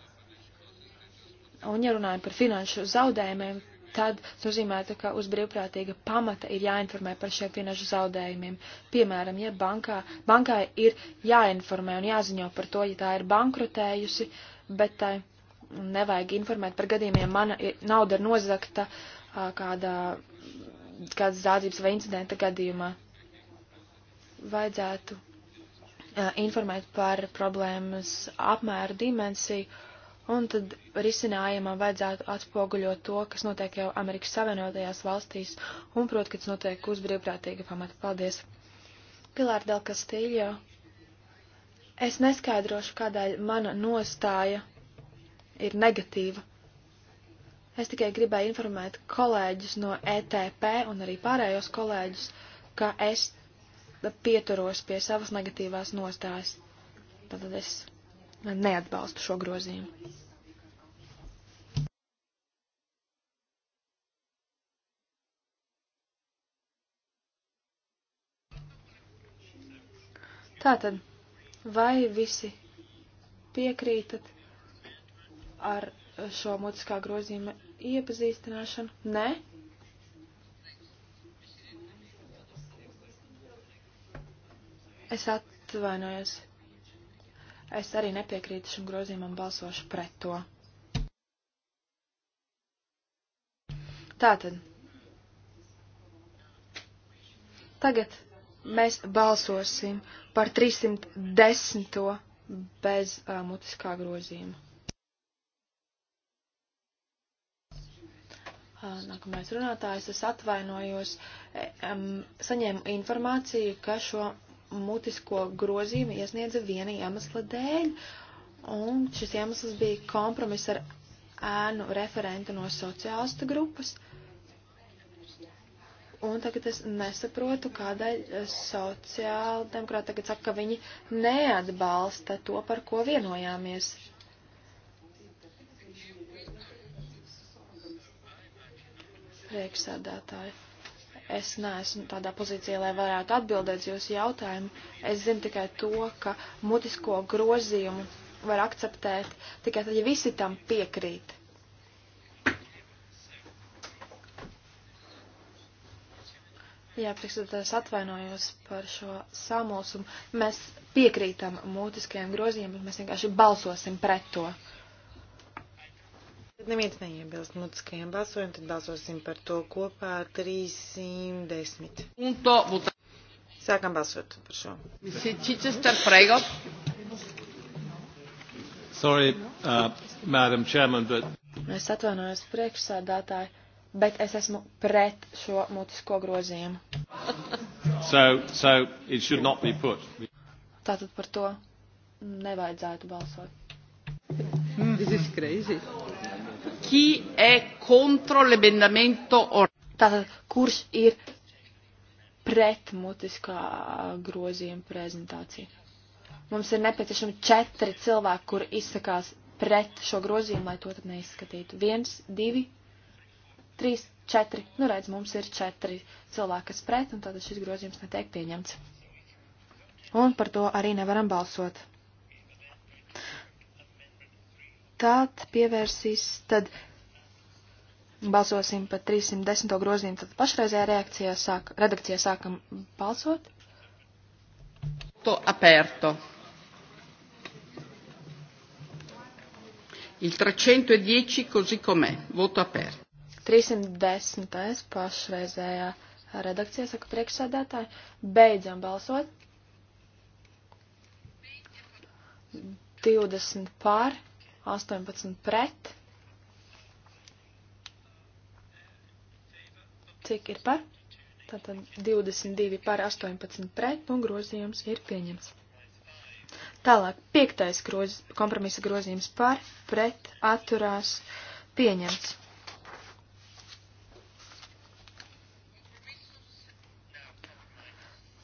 Un, ja runājam par finanšu zaudējumiem, tad tas nozīmē, ka uz brīvprātīga pamata ir jāinformē par šiem finanšu zaudējumiem. Piemēram, ja bankā, bankai ir jāinformē un jāziņo par to, ja tā ir bankrotējusi, bet tai. Uh, nevajag informēt par gadījumiem, mana nauda ir nozakta kādā, kādas zādzības vai incidenta gadījumā. Vajadzētu informēt par problēmas apmēru dimensiju, un tad risinājumam vajadzētu atspoguļot to, kas notiek jau Amerikas Savienotajās valstīs, un, protams, ka tas notiek uz brīvprātīga pamata. Paldies! Pilār Del Castillo. Es neskaidrošu, kādēļ mana nostāja ir negatīva. Es tikai gribēju informēt kolēģus no ETP un arī pārējos kolēģus, ka es pieturos pie savas negatīvās nostājas. Tātad es neatbalstu šo grozījumu. Tātad, vai visi piekrītat? ar šo mutiskā grozījuma iepazīstināšanu? Nē? Es atvainojos. Es arī nepiekrītu šim grozījumam balsošu pret to. Tātad. Tagad mēs balsosim par 310. bez uh, mutiskā grozījuma. Nākamais runātājs, es atvainojos, e, saņēmu informāciju, ka šo mutisko grozījumu iesniedza viena iemesla dēļ, un šis iemesls bija kompromiss ar ēnu referentu no sociālistu grupas. Un tagad es nesaprotu, kādēļ sociāldemokrāti tagad saka, ka viņi neatbalsta to, par ko vienojāmies. priekšsēdētāji. Es neesmu tādā pozīcijā, lai varētu atbildēt jūsu jautājumu. Es zinu tikai to, ka mutisko grozījumu var akceptēt tikai tad, ja visi tam piekrīt. Jā, priekšsēdētājs atvainojos par šo samulsumu. Mēs piekrītam mutiskajiem grozījumiem, bet mēs vienkārši balsosim pret to neviens neiebilst mutiskajiem balsojumiem, tad balsosim par to kopā 310. Un to būtu. Sākam balsot par šo. Visi Chichester prego. Sorry, uh, Madam Chairman, but. Es atvainojos priekšsādātāji, bet es esmu pret šo mutisko grozījumu. so, so it should not be put. Tātad par to nevajadzētu balsot. Mm. This is crazy. Chi è contro l'emendamento orale? Tātad, kurš ir pret mutiskā grozījuma prezentāciju? Mums ir nepieciešami četri cilvēki, kuri izsakās pret šo grozījumu, lai to tad neizskatītu. Viens, divi, trīs, četri. Nu, redz, mums ir četri cilvēki, kas pret, un tātad šis grozījums netiek pieņemts. Un par to arī nevaram balsot tad pievērsīs, tad balsosim par 310. grozījumu, tad pašreizējā reakcijā sāk, redakcijā sākam balsot. To aperto. Il 310 così com'è, voto aperto. 310. pašreizējā redakcijā saka priekšsēdētāji. Beidzam balsot. 20 pār 18 pret. Cik ir par? Tātad 22 par 18 pret un grozījums ir pieņemts. Tālāk, piektais groz, kompromisa grozījums par, pret, atturās, pieņemts.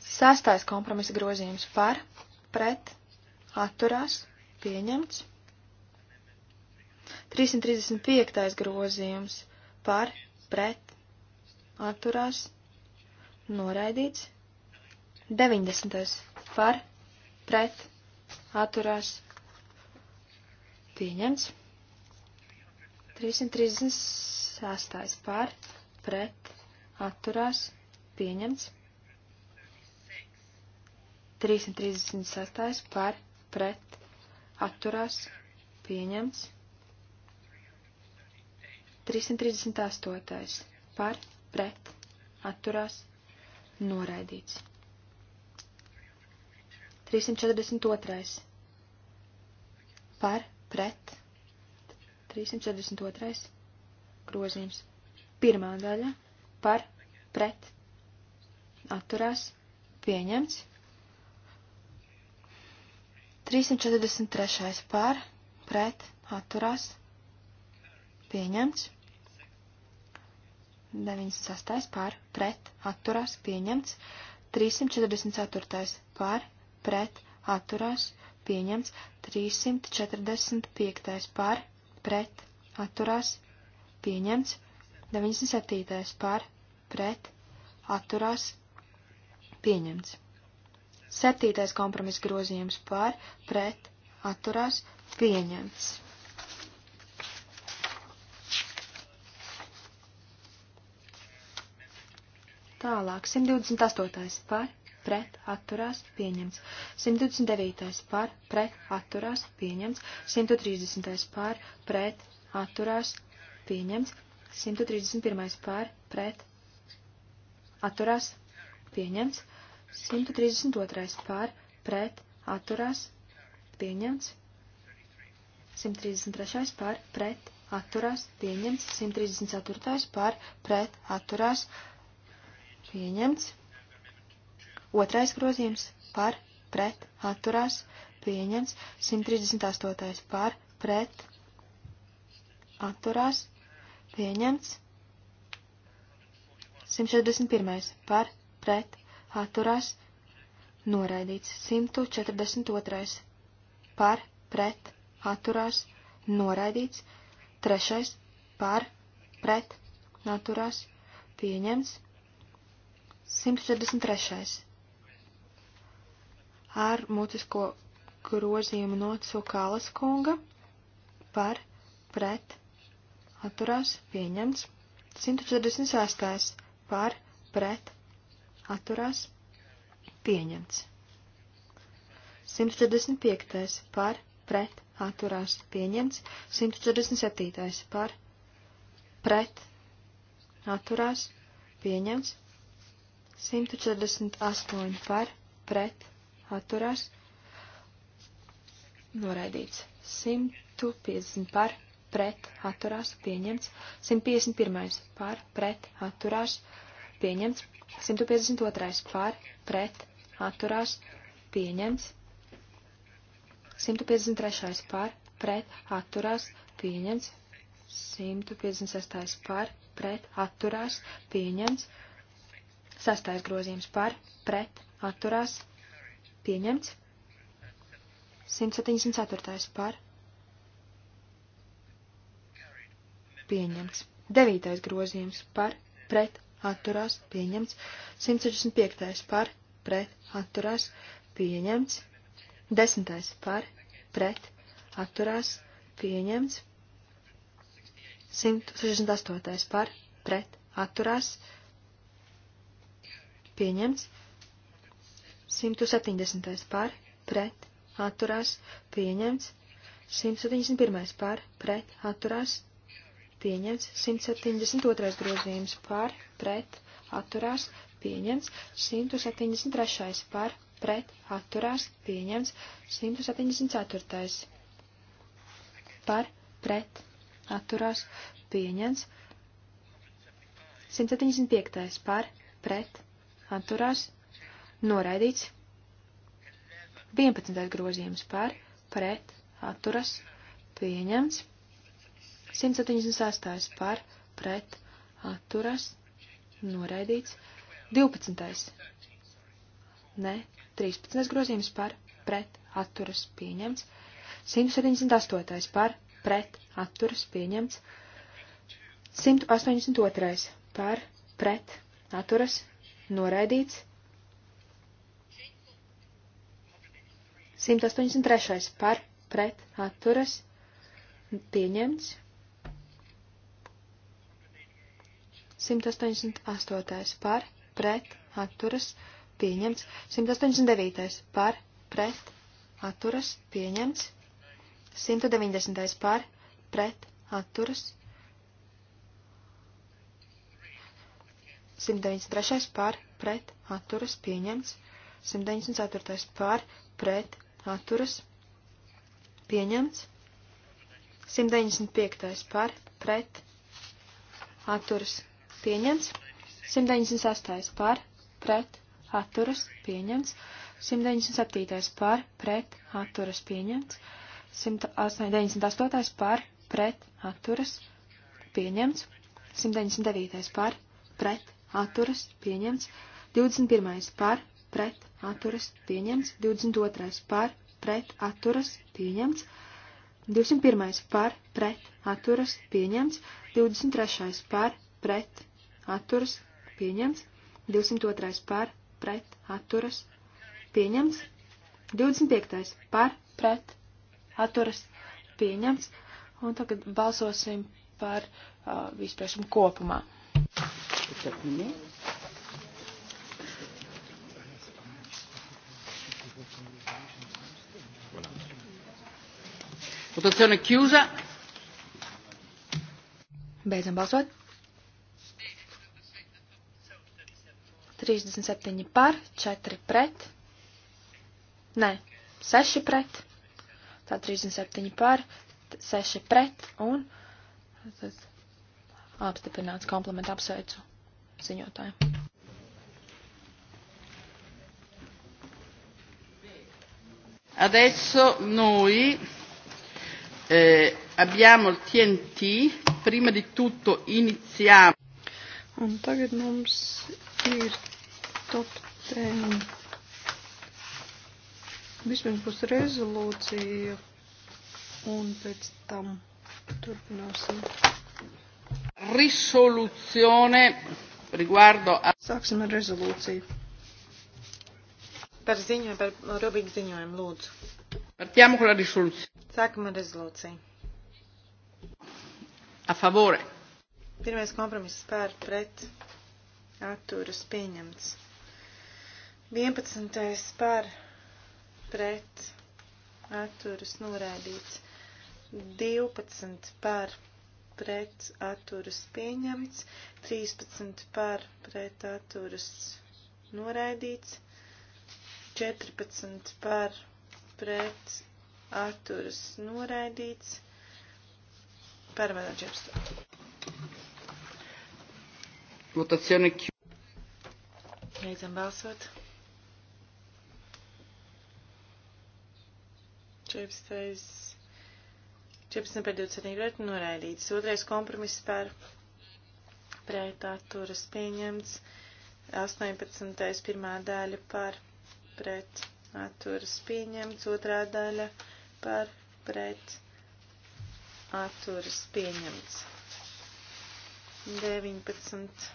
Sastais kompromisa grozījums par, pret, atturās, pieņemts. 335. grozījums par, pret, atturās, noraidīts. 90. par, pret, atturās, pieņemts. 336. par, pret, atturās, pieņemts. 336. par, pret, atturās, pieņemts. 338. par, pret, atturās, noraidīts. 342. par, pret, 342. grozījums. Pirmā daļa par, pret, atturās, pieņemts. 343. par, pret, atturās, pieņemts pieņemts. 96. pār, pret, atturās, pieņemts. 344. pār, pret, atturās, pieņemts. 345. pār, pret, atturās, pieņemts. 97. pār, pret, atturās, pieņemts. 7. kompromiss grozījums pār, pret, atturās, pieņemts. Tālāk, 128. par, pret, atturās, pieņemts. 129. par, pret, atturās, pieņemts. 130. par, pret, atturās, pieņemts. 131. par, pret, atturās, pieņemts. 132. par, pret, atturās, pieņemts. 133. par, pret, atturās, pieņemts. 134. par, pret, atturās, pieņemts pieņemts. Otrais grozījums par pret atturās pieņemts. 138. par pret atturās pieņemts. 141. par pret atturās noraidīts. 142. par pret atturās noraidīts. 3. par pret atturās pieņemts. 143. Ar mutisko grozījumu no Cukālas kunga par pret atturās pieņemts. 146. par pret atturās pieņemts. 145. par pret atturās pieņemts. 147. par pret atturās pieņemts. 148 par, pret, atturās, noraidīts. 150 par, pret, atturās, pieņemts. 151 par, pret, atturās, pieņemts. 152 par, pret, atturās, pieņemts. 153 par, pret, atturās, pieņemts. 156 par, pret, atturās, pieņemts. Sastais grozījums par, pret, atturās, pieņemts. 174. par, pieņemts. 9. grozījums par, pret, atturās, pieņemts. 165. par, pret, atturās, pieņemts. 10. par, pret, atturās, pieņemts. 168. par, pret, atturās, pieņemts pieņemts. 170. par, pret, atturās, pieņemts. 171. par, pret, atturās, pieņemts. 172. grozījums par, pret, atturās, pieņemts. 173. par, pret, atturās, pieņemts. 174. par, pret, atturās, pieņemts. 175. par, pret, atturās, noraidīts. 11. grozījums par, pret, atturas, pieņemts. 178. par, pret, atturas, noraidīts. 12. Nē, 13. grozījums par, pret, atturas, pieņemts. 178. par, pret, atturas, pieņemts. 182. par, pret, atturas, Noraidīts. 183. par pret atturas pieņemts. 188. par pret atturas pieņemts. 189. par pret atturas pieņemts. 190. par pret atturas 193. par pret atturas pieņemts, 194. par pret atturas pieņemts, 195. par pret atturas pieņemts, 198. par pret atturas pieņemts, 197. par pret atturas pieņemts, 198. par pret atturas pieņemts, 199. par pret atturas, pieņemts. 21. par, pret, atturas, pieņemts. 22. par, pret, atturas, pieņemts. 201. par, pret, atturas, pieņemts. 23. par, pret, atturas, pieņemts. 202. par, pret, atturas, pieņemts. 25. par, pret, atturas, pieņemts. Un tagad balsosim par uh, vispāršumu kopumā est terminée. Votazione chiusa. Beidzam balsot. 37 par, 4 pret. Nē, 6 pret. Tā 37 par, 6 pret un tad apstiprināts komplements apsveicu ziņotāju. Adesso noi eh, abbiamo il TNT, prima di tutto iniziamo. Un tagad mums ir top 10. Vispirms būs rezolūcija un pēc tam turpināsim. Risoluzione riguardo a... Sāksim ar rezolūciju. Par ziņojumu, par Rubīgu ziņojumu, lūdzu. Partiamo con la risoluzione. Sākam ar rezolūciju. A favore. Pirmais kompromiss pār pret atturas pieņemts. 11. pār pret atturas norādīts. 12 pār pret pret atturas pieņemts, 13 par pret atturas noraidīts, 14 par pret atturas noraidīts, pārvēlēt 14. Votazione Q. Beidzam balsot. 14. 14 par 27 pret noraidīts. Otrais kompromiss par pret atturas pieņemts. 18. pirmā daļa par pret atturas pieņemts. Otrā daļa par pret atturas pieņemts. 19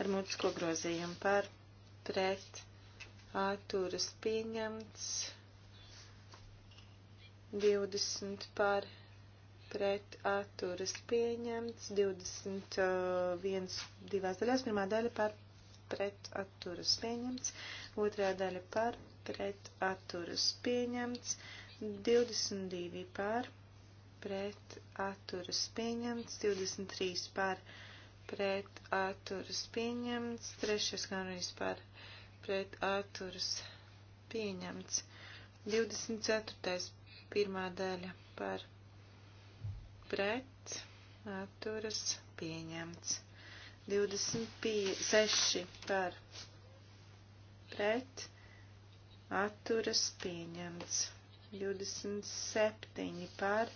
ar mutisko grozījumu par pret atturas pieņemts. 20 par pret atturas pieņemts, 21 uh, divās daļās, pirmā daļa par pret atturas pieņemts, otrā daļa par pret atturas pieņemts, 22 par pret atturas pieņemts, 23 par pret atturas pieņemts, trešais kanālis par pret atturas pieņemts, 24 Pirmā daļa par pret atturas pieņemts. 26 par pret atturas pieņemts. 27 par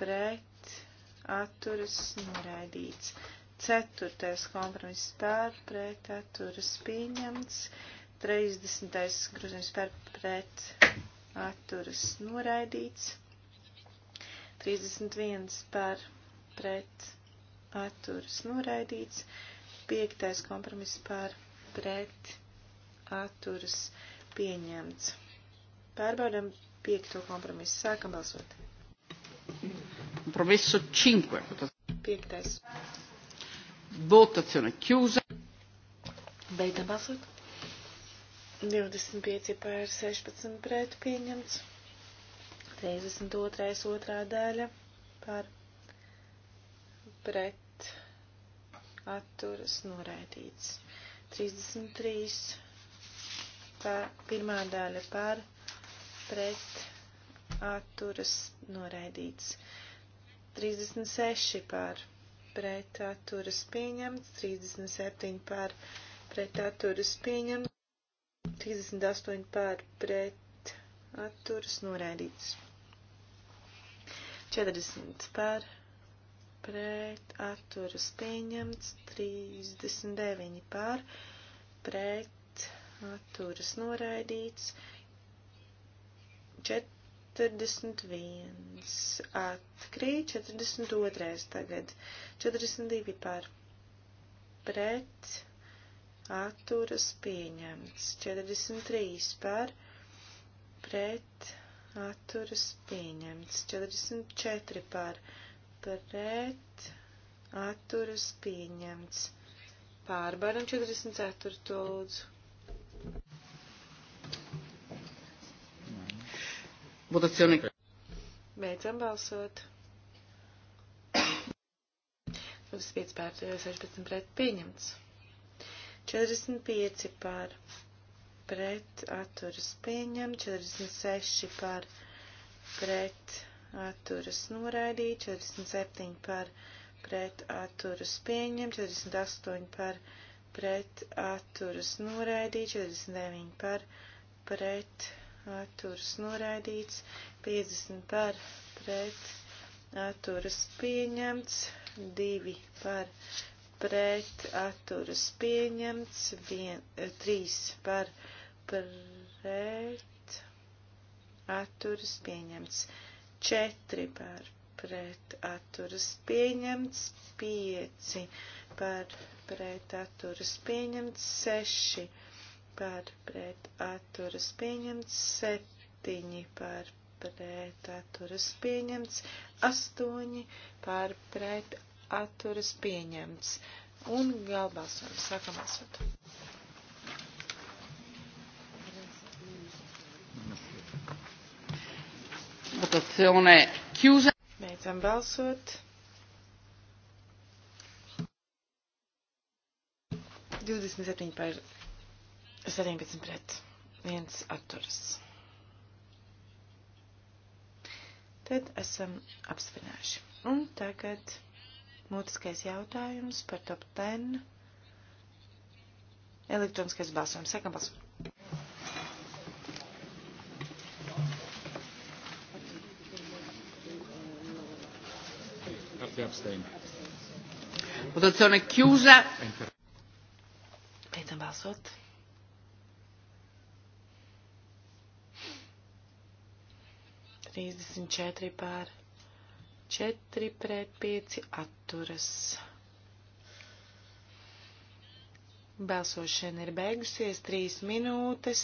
pret atturas noraidīts. Ceturtais kompromiss par pret atturas pieņemts. 30. grozījums par pret atturas noraidīts. 31 par pret atturas noraidīts. 5. kompromiss par pret atturas pieņemts. Pārbaudam 5. kompromisu. Sākam balsot. Compromesso 5. Piektais. Votazione chiusa. Beidzam balsot. 25 pār 16 pret pieņemts. 32. otrā daļa par pret atturas noraidīts. 33. Par, pirmā daļa par pret atturas noraidīts. 36 par pret atturas pieņemts. 37 par pret atturas pieņemts. 38 pār pret atturas noraidīts. 40 pār pret atturas pieņemts. 39 pār pret atturas noraidīts. 41 atkrīt. 42 tagad. 42 pār pret atturas pieņemts. 43 par pret atturas pieņemts. 44 par pret atturas pieņemts. Pārbaram 44 to lūdzu. Votazione. Beidzam balsot. 25 pār 16 pret pieņemts. 45 par pret atturas pieņem, 46 par pret atturas noraidīt, 47 par pret atturas pieņem, 48 par pret atturas noraidīt, 49 par pret atturas noraidīts, 50 par pret atturas pieņemts, 2 par pret atturas pieņemts, vien, eh, trīs par pret atturas pieņemts, četri par pret atturas pieņemts, pieci par pret atturas pieņemts, seši par pret atturas pieņemts, septiņi par pret atturas pieņemts, astoņi par pret atturas pieņemts. Un gala balsojums. Sākam balsot. Votazione chiusa. Beidzam balsot. 27 par 17 pret. 1 atturas. Tad esam apsvinājuši. Un tagad. Mūtiskais jautājums par top 10. Elektroniskais balsojums. Sekam balsojums. Votazione chiusa. Beidzam balsot. Trīsdesmit četri pār 4 pret 5 atturas. Balsošana ir beigusies, 3 minūtes,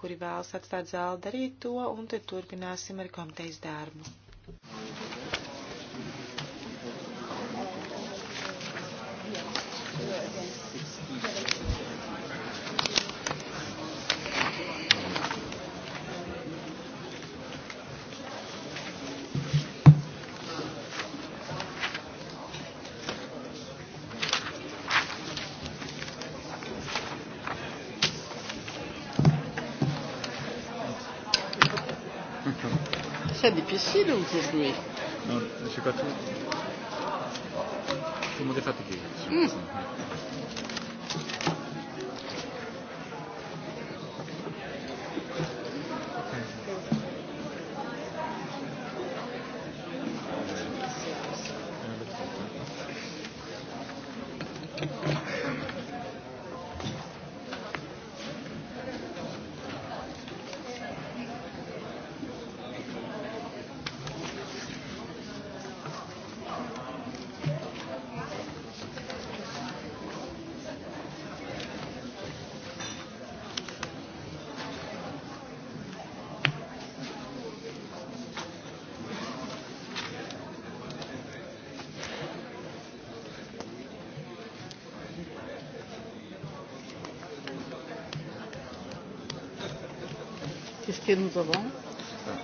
kuri vēlas atstāt zāli darīt to, un tad turpināsim ar komitejas darbu. Thank you. difficile aujourd'hui. Non, j'ai pas tout. Tout le monde est fatigué. Mm. Thank you. ce que nous avons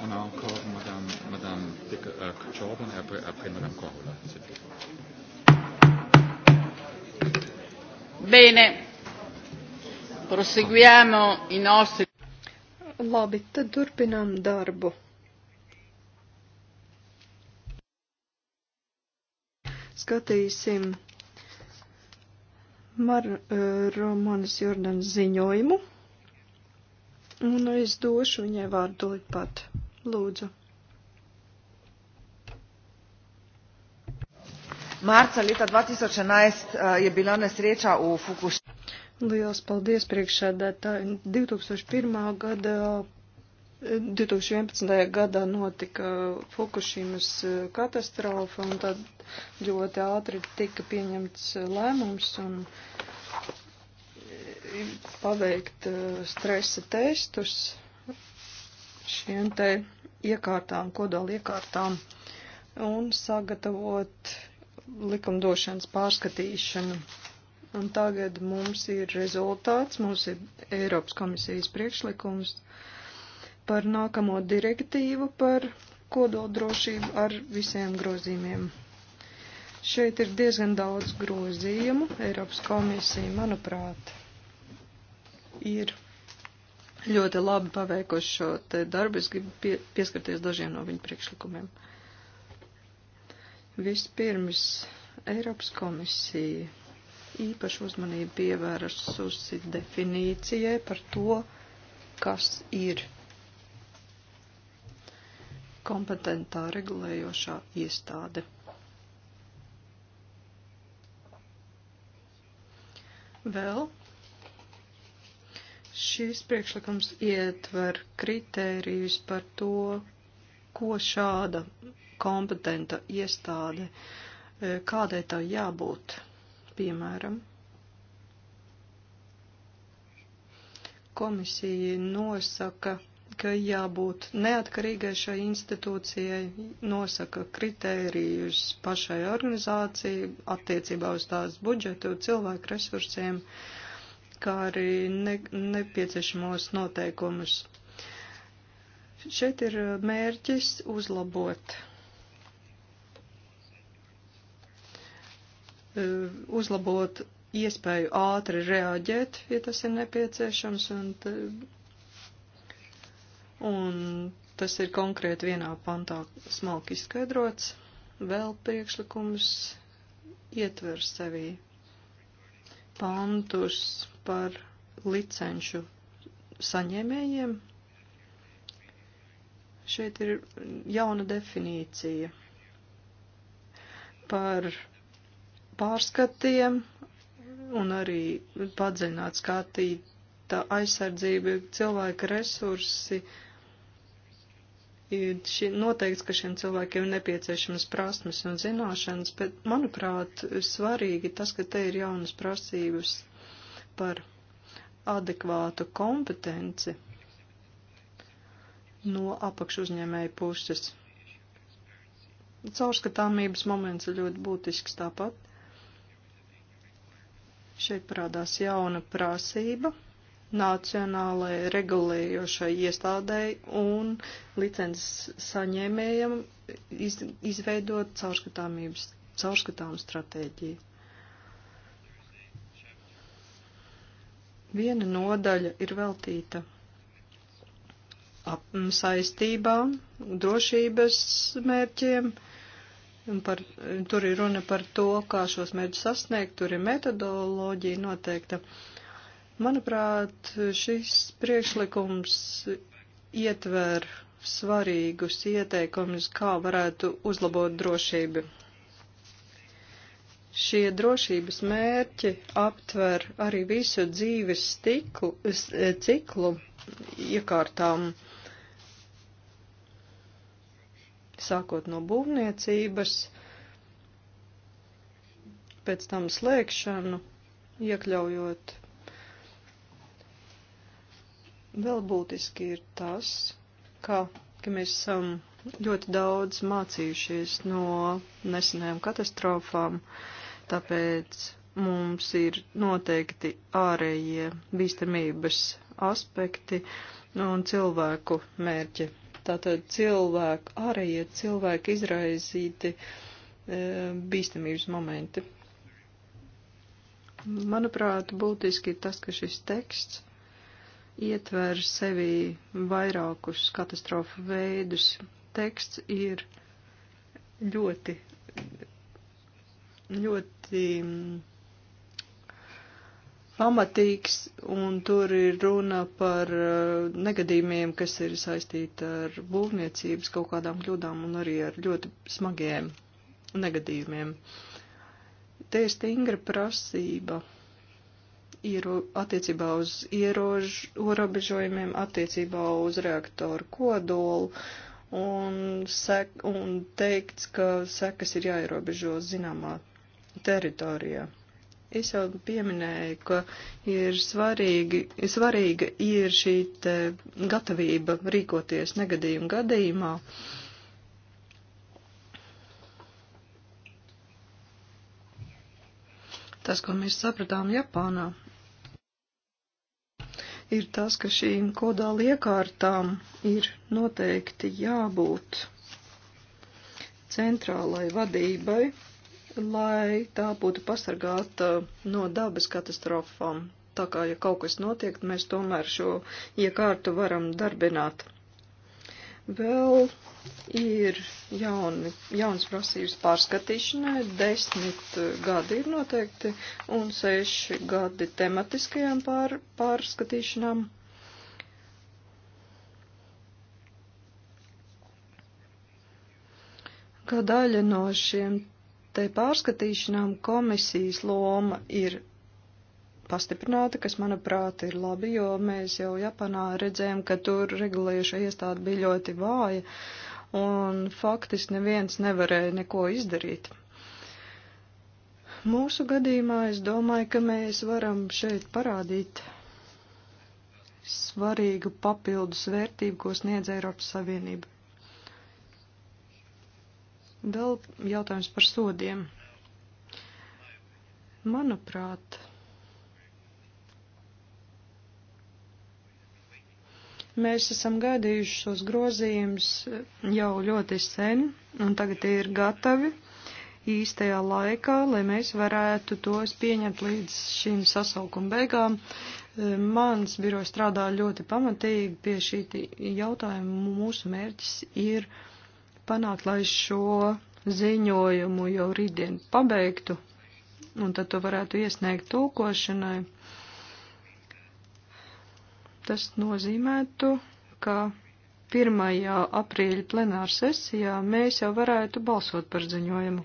On a encore Madame, Madame euh, Jordan et après, après Madame Corolla. Bene, proseguiamo i nostri. Labi, tad turpinām darbu. Skatīsim Mar uh, Romanas Jordanas ziņojumu. Un es došu viņai vārdu līdz pat. Lūdzu. Marca leta 2011 eh, je bila nesreča v Fukushima. Lielas paldies priekšsēdētāji. 2001. gada 2011. gadā notika Fukushimas eh, katastrofa un tad ļoti ātri tika pieņemts eh, lēmums un paveikt eh, stresa testus šiem te iekārtām, kodoli iekārtām un sagatavot likumdošanas pārskatīšanu. Un tagad mums ir rezultāts, mums ir Eiropas komisijas priekšlikums par nākamo direktīvu par kodoldrošību ar visiem grozījumiem. Šeit ir diezgan daudz grozījumu. Eiropas komisija, manuprāt, ir ļoti labi paveikuši šo te darbu. Es gribu pie, pieskarties dažiem no viņu priekšlikumiem. Vispirms Eiropas komisija īpašu uzmanību pievērsusi definīcijai par to, kas ir kompetentā regulējošā iestāde. Vēl Šis priekšlikums ietver kritērijus par to, ko šāda kompetenta iestāde, e, kādai tā jābūt, piemēram. Komisija nosaka, ka jābūt neatkarīgai šai institūcijai, nosaka kritērijus pašai organizācijai attiecībā uz tās budžetu, cilvēku resursiem. Uh, kā arī ne, nepieciešamos noteikumus. Šeit ir mērķis uzlabot e, uzlabot iespēju ātri reaģēt, ja tas ir nepieciešams, un, te, un tas ir konkrēti vienā pantā smalki izskaidrots. Vēl priekšlikums ietver sevī pantus par licenšu saņēmējiem. Šeit ir jauna definīcija par pārskatiem un arī padziļināt skatīta aizsardzība, cilvēka resursi. Ir noteikts, ka šiem cilvēkiem ir nepieciešamas prasmes un zināšanas, bet, manuprāt, svarīgi tas, ka te ir jaunas prasības par adekvātu kompetenci no apakšuzņēmēja puses. Caurskatāmības moments ir ļoti būtisks tāpat. Šeit parādās jauna prasība nacionālajai regulējošai iestādēji un licences saņēmējam iz, izveidot caurskatāmības, caurskatām stratēģiju. Viena nodaļa ir veltīta ap, saistībām, drošības mērķiem. Par, tur ir runa par to, kā šos mērķus sasniegt, tur ir metodoloģija noteikta. Manuprāt, šis priekšlikums ietver svarīgus ieteikumus, kā varētu uzlabot drošību Šie drošības mērķi aptver arī visu dzīves stiklu, e, ciklu iekārtām, sākot no būvniecības, pēc tam slēgšanu, iekļaujot. Vēl būtiski ir tas, ka, ka mēs esam ļoti daudz mācījušies no nesenajām katastrofām. Uh, tāpēc mums ir noteikti ārējie bīstamības aspekti un cilvēku mērķi. Tātad cilvēku, ārējie cilvēki izraizīti e, bīstamības momenti. Manuprāt, būtiski ir tas, ka šis teksts ietver sevī vairākus katastrofu veidus. Teksts ir ļoti ļoti mm, pamatīgs, un tur ir runa par eh, negadījumiem, kas ir saistīti ar būvniecības kaut kādām kļūdām un arī ar ļoti smagiem negadījumiem. Te ir stingra prasība iero, attiecībā uz ierobežojumiem, attiecībā uz reaktoru kodolu, un, sek, un teikts, ka sekas ir jāierobežo zināmā teritorijā. Es jau pieminēju, ka ir svarīgi, svarīga ir šī gatavība rīkoties negadījuma gadījumā. Tas, ko mēs sapratām Japānā, ir tas, ka šīm kodāla iekārtām ir noteikti jābūt centrālai vadībai lai tā būtu pasargāta no dabas katastrofām. Tā kā, ja kaut kas notiek, mēs tomēr šo iekārtu varam darbināt. Vēl ir jauni, jauns prasības pārskatīšanai, desmit gadi ir noteikti un seši gadi tematiskajām pār, pārskatīšanām. kā daļa no šiem te pārskatīšanām komisijas loma ir pastiprināta, kas, manuprāt, ir labi, jo mēs jau Japānā redzējām, ka tur regulējuša iestāde bija ļoti vāja, un faktiski neviens nevarēja neko izdarīt. Mūsu gadījumā es domāju, ka mēs varam šeit parādīt svarīgu papildus vērtību, ko sniedz Eiropas Savienība. Vēl jautājums par sodiem. Manuprāt, mēs esam gaidījuši šos grozījumus jau ļoti sen, un tagad tie ir gatavi īstajā laikā, lai mēs varētu tos pieņemt līdz šīm sasaukuma beigām. Mans birojs strādā ļoti pamatīgi pie šī jautājuma. Mūsu mērķis ir uh, panākt, lai šo ziņojumu jau rītdien pabeigtu, un tad to varētu iesniegt tūkošanai. Tas nozīmētu, ka 1. aprīļa plenāra sesijā mēs jau varētu balsot par ziņojumu.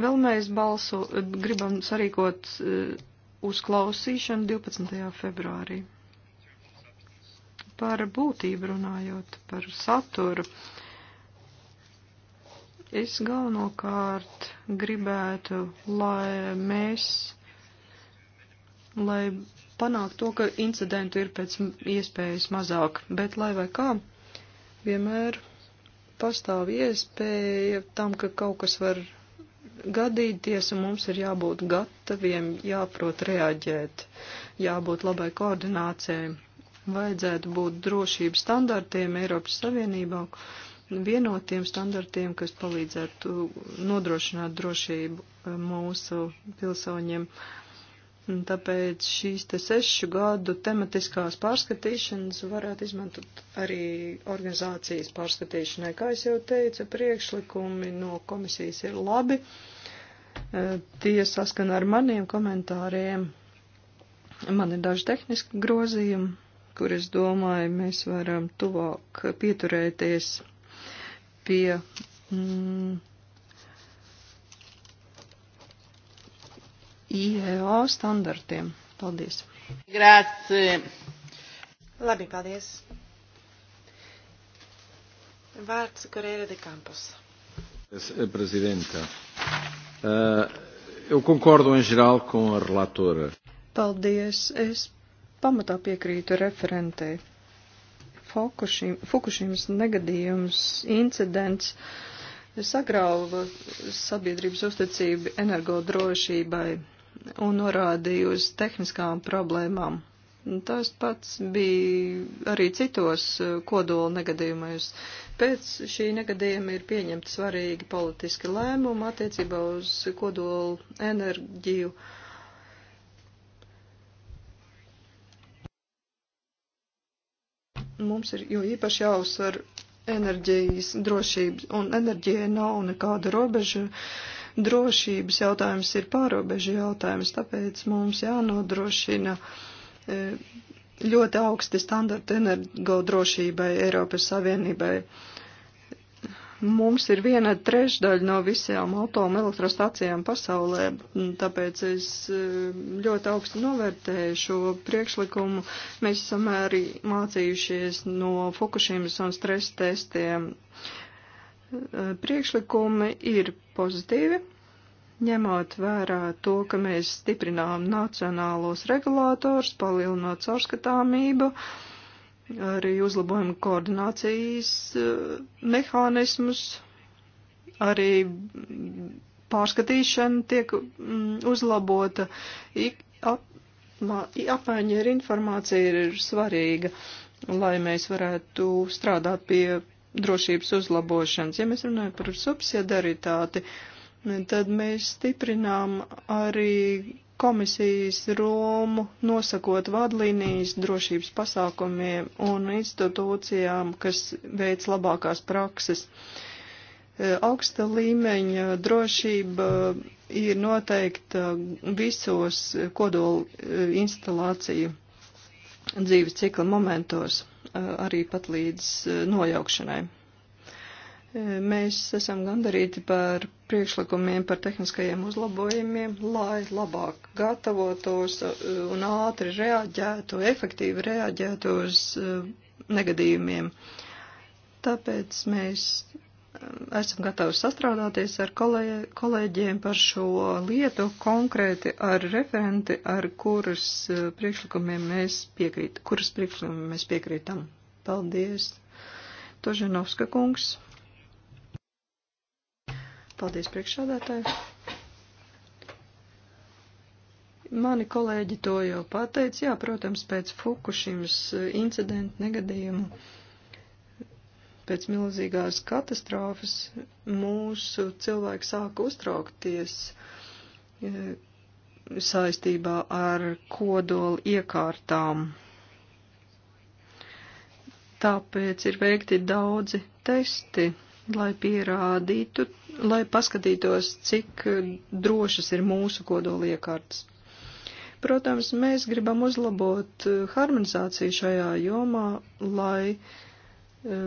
Vēl mēs balsu gribam sarīkot eh, uzklausīšanu 12. februārī. Par būtību runājot, par saturu. Uh, Es galvenokārt gribētu, lai mēs, lai panāktu to, ka incidentu ir pēc iespējas mazāk, bet lai vai kā, vienmēr pastāv iespēja tam, ka kaut kas var gadīties, un mums ir jābūt gataviem, jāprot reaģēt, jābūt labai koordinācijai, vajadzētu būt drošības standartiem Eiropas Savienībā vienotiem standartiem, kas palīdzētu nodrošināt drošību eh, mūsu pilsoņiem. Un tāpēc šīs te sešu gadu tematiskās pārskatīšanas varētu izmantot arī organizācijas pārskatīšanai. Kā es jau teicu, priekšlikumi no komisijas ir labi. Eh, tie saskana ar maniem komentāriem. Man ir daži tehniski grozījumi, kur es domāju, mēs varam tuvāk pieturēties pie. Mm, IEO standartiem. Paldies. Grāci. Labi, paldies. Vārds Correira de Campos. Eh, Presidenta, uh, eu concordo em geral com a relatora. Paldies. Es pamatā piekrītu referentei. Fukušīmas negadījums, incidents sagrauva sabiedrības uzticību energodrošībai un norādīja uz tehniskām problēmām. Tas pats bija arī citos e, kodola negadījumos. Pēc šī negadījuma ir pieņemti svarīgi politiski lēmumi attiecībā uz kodola enerģiju. Uh, mums ir jo īpaši jāuzsver enerģijas drošības, un enerģijai nav nekāda robeža. Drošības jautājums ir pārobežu jautājums, tāpēc mums jānodrošina e, ļoti augsti standarti energo drošībai Eiropas Savienībai. Uh, Mums ir viena trešdaļa no visām automobilelektrostācijām pasaulē, tāpēc es eh, ļoti augstu novērtēju šo priekšlikumu. Mēs esam arī mācījušies no Fukushīmas un stresa testiem. Eh, priekšlikumi ir pozitīvi, ņemot vērā to, ka mēs stiprinām nacionālos regulātors, palielinot caurskatāmību. Uh, arī uzlabojam koordinācijas eh, mehānismus, arī pārskatīšana tiek mm, uzlabota, apmaiņa ar informāciju ir svarīga, lai mēs varētu strādāt pie drošības uzlabošanas. Ja mēs runājam par subsidiaritāti, tad mēs stiprinām arī komisijas Romu nosakot vadlīnijas drošības pasākumiem un institūcijām, kas veic labākās prakses. E, augsta līmeņa drošība ir noteikta visos kodolu e, instalāciju dzīves cikla momentos, e, arī pat līdz nojaukšanai. Mēs esam gandarīti par priekšlikumiem, par tehniskajiem uzlabojumiem, lai labāk gatavotos uh, un ātri reaģētu, efektīvi reaģētu uz uh, negadījumiem. Tāpēc mēs uh, esam gatavi sastrādāties ar kolēģiem par šo lietu, konkrēti ar referenti, ar kuras priekšlikumiem mēs, piekrīt, kuras priekšlikumiem mēs piekrītam. Paldies, Toženovska kungs. Paldies priekšādātāji. Mani kolēģi to jau pateica, jā, protams, pēc Fukušimas eh, incidenta negadījumu, pēc milzīgās katastrofas mūsu cilvēki sāka uztraukties eh, saistībā ar kodolu iekārtām. Tāpēc ir veikti daudzi testi lai pierādītu, lai paskatītos, cik drošas ir mūsu kodoliekārtas. Protams, mēs gribam uzlabot eh, harmonizāciju šajā jomā, lai eh,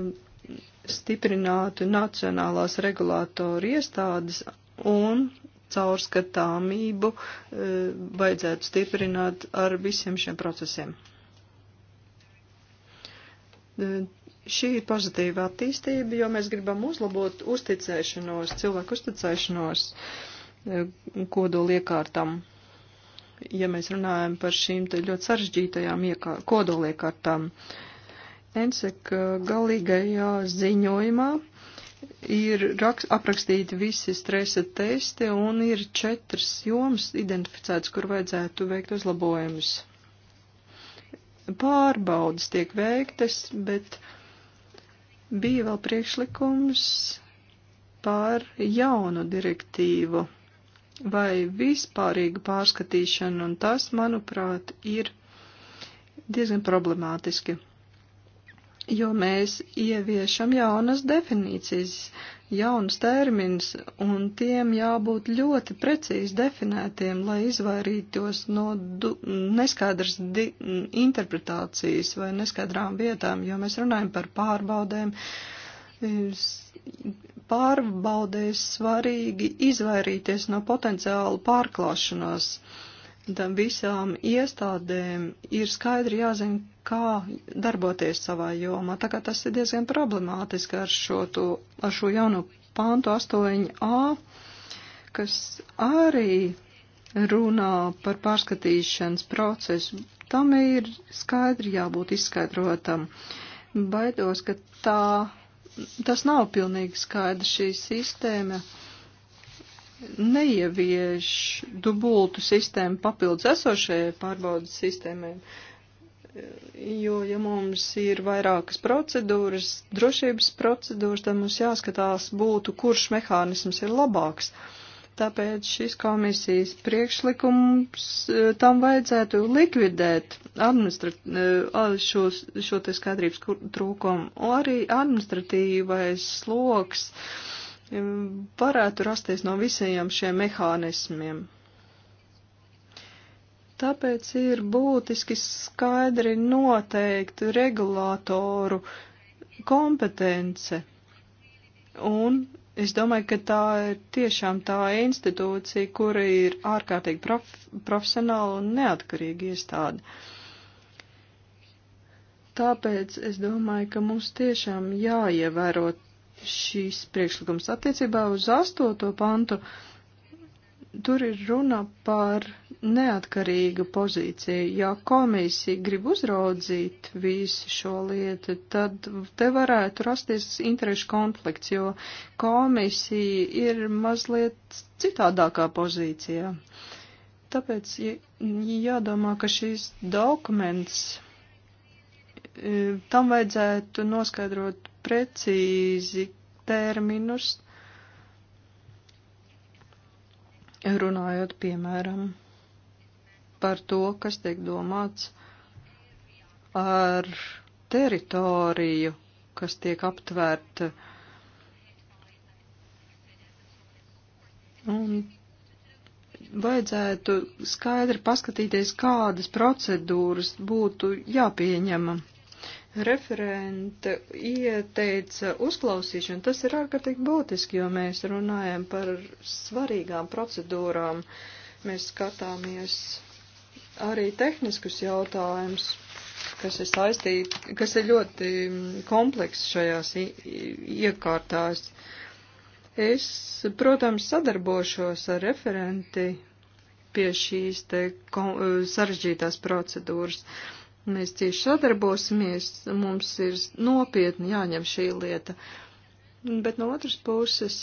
stiprinātu nacionālās regulātoru iestādes un caurskatāmību eh, vajadzētu stiprināt ar visiem šiem procesiem Šī ir pozitīva attīstība, jo mēs gribam uzlabot uzticēšanos, cilvēku uzticēšanos e, kodoliekārtam. Ja mēs runājam par šīm ļoti sarežģītajām kodoliekārtām, ENSEK e, galīgajā ziņojumā ir rakst, aprakstīti visi stresa testi un ir četras jomas identificētas, kur vajadzētu veikt uzlabojumus. Pārbaudas tiek veiktas, bet Bija vēl priekšlikums par jaunu direktīvu vai vispārīgu pārskatīšanu, un tas, manuprāt, ir diezgan problemātiski jo mēs ieviešam jaunas definīcijas, jaunas termins, un tiem jābūt ļoti precīzi definētiem, lai izvairītos no neskaidras interpretācijas vai neskaidrām vietām, jo mēs runājam par pārbaudēm. Pārbaudēs svarīgi izvairīties no potenciāla pārklāšanās. Uh, Tad visām iestādēm ir skaidri jāzina, kā darboties savā jomā. Tā kā tas ir diezgan problemātiski ar šo, to, ar šo jauno pāntu 8a, kas arī runā par pārskatīšanas procesu. Tam ir skaidri jābūt izskaidrotam. Baidos, ka tā, tas nav pilnīgi skaidrs šī sistēma neievieš dubultu sistēmu papildus esošajai pārbaudas sistēmai, jo, ja mums ir vairākas procedūras, drošības procedūras, tad mums jāskatās būtu, kurš mehānisms ir labāks. Tāpēc šis komisijas priekšlikums eh, tam vajadzētu likvidēt eh, šo, šo te skaidrības trūkumu. Arī administratīvais sloks uh, varētu rasties no visiem šiem mehānismiem. Tāpēc ir būtiski skaidri noteikt regulātoru kompetence. Un es domāju, ka tā ir tiešām tā institūcija, kura ir ārkārtīgi prof profesionāla un neatkarīga iestāde. Tāpēc es domāju, ka mums tiešām jāievēro šīs priekšlikums attiecībā uz astoto pantu. Tur ir runa par neatkarīgu pozīciju. Ja komisija grib uzraudzīt visu šo lietu, tad te varētu rasties interešu konflikts, jo komisija ir mazliet citādākā pozīcijā. Tāpēc jādomā, ka šīs dokuments E, tam vajadzētu noskaidrot precīzi terminus, runājot, piemēram, par to, kas tiek domāts ar teritoriju, kas tiek aptvērta. Un vajadzētu skaidri paskatīties, kādas procedūras būtu jāpieņemam referente ieteica uzklausīšanu, tas ir ārkārtīgi būtiski, jo mēs runājam par svarīgām procedūrām. Mēs skatāmies arī tehniskus jautājumus, kas ir saistīti, kas ir ļoti komplekss šajās iekārtās. Es, protams, sadarbošos ar referenti pie šīs te sarežģītās procedūras. Uh, Mēs cieši sadarbosimies, mums ir nopietni jāņem šī lieta. Bet no otras puses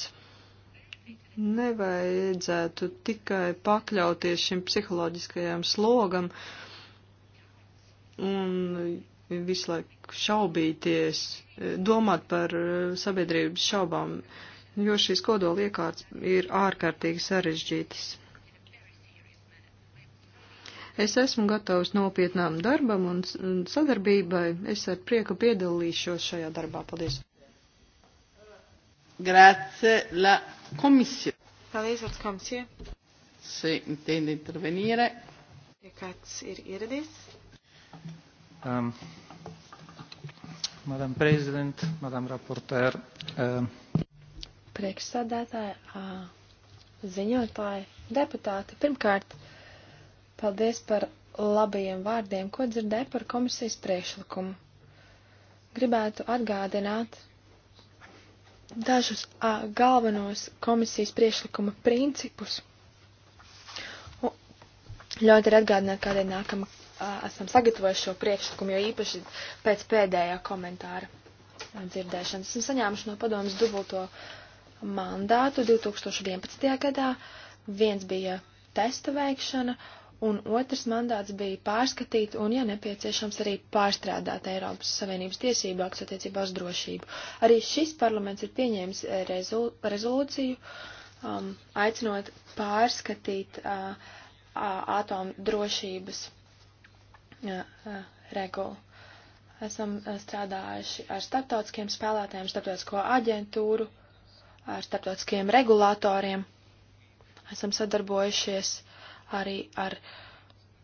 nevajadzētu tikai pakļauties šim psiholoģiskajam slogam un visu laiku šaubīties, domāt par eh, sabiedrības šaubām, jo šīs kodola iekārtas ir ārkārtīgi sarežģītas. Es esmu gatavs nopietnām darbam un sadarbībai. Es ar prieku piedalīšos šajā darbā. Paldies! Grazie la komisija. Paldies, Vārts komisija. Se intende intervenire. Ja kāds ir ieradies? Um, madam prezident, madam raportēr. Um. Priekšsādātāja, ziņotāja, deputāte. Pirmkārt, Paldies par labajiem vārdiem, ko dzirdēju par komisijas priekšlikumu. Gribētu atgādināt dažus a, galvenos komisijas priekšlikuma principus. Un ļoti ir atgādināt, kādēļ nākam a, esam sagatavojuši šo priekšlikumu, jo īpaši pēc pēdējā komentāra dzirdēšanas. Esam saņēmuši no padomas dubulto mandātu 2011. gadā. Viens bija testa veikšana, un otrs mandāts bija pārskatīt un, ja nepieciešams, arī pārstrādāt Eiropas Savienības tiesību aktu attiecībā uz drošību. Arī šis parlaments ir pieņēmis eh, rezol rezolūciju, um, aicinot pārskatīt uh, atomu drošības uh, uh, regulu. Esam uh, strādājuši ar starptautiskiem spēlētājiem, starptautisko aģentūru, ar starptautiskiem regulātoriem. Esam sadarbojušies arī ar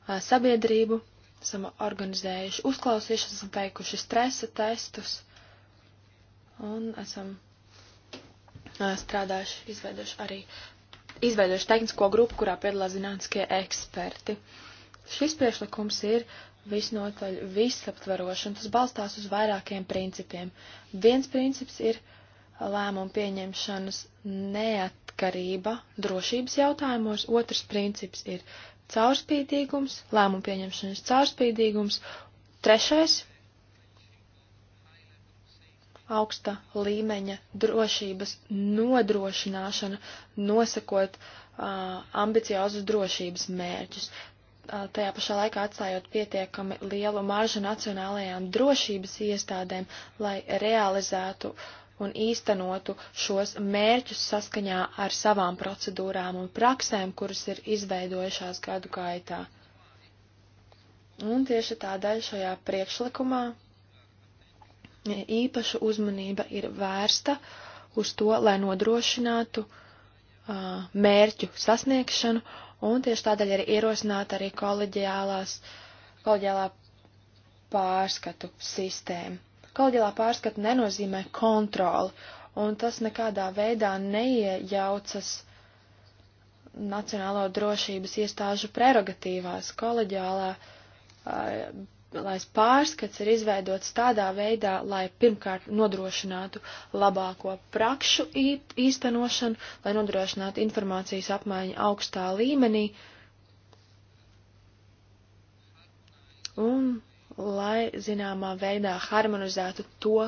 a, sabiedrību. Esam organizējuši uzklausīšanas, esam veikuši stresa testus un esam a, strādājuši, izveidojuši arī izveidojuši tehnisko grupu, kurā piedalās zinātniskie eksperti. Šis priekšlikums ir visnotaļ visaptverošs, un tas balstās uz vairākiem principiem. Viens princips ir lēmumu pieņemšanas neat neatkarība drošības jautājumos, otrs princips ir caurspīdīgums, lēmumu pieņemšanas caurspīdīgums, trešais - augsta līmeņa drošības nodrošināšana, nosakot uh, ambiciozus drošības mērķus, uh, tajā pašā laikā atstājot pietiekami lielu maržu nacionālajām drošības iestādēm, lai realizētu uh, un īstenotu šos mērķus saskaņā ar savām procedūrām un praksēm, kuras ir izveidojušās gadu gaitā. Un tieši tādēļ šajā priekšlikumā īpaša uzmanība ir vērsta uz to, lai nodrošinātu uh, mērķu sasniegšanu, un tieši tādēļ ir ierosināta arī koleģiālās, koleģiālā pārskatu sistēma. Kolģelā pārskata nenozīmē kontroli, un tas nekādā veidā neiejaucas Nacionālo drošības iestāžu prerogatīvās koleģiālā. Eh, lai pārskats ir izveidots tādā veidā, lai pirmkārt nodrošinātu labāko prakšu īstenošanu, lai nodrošinātu informācijas apmaiņu augstā līmenī, un lai zināmā veidā harmonizētu to,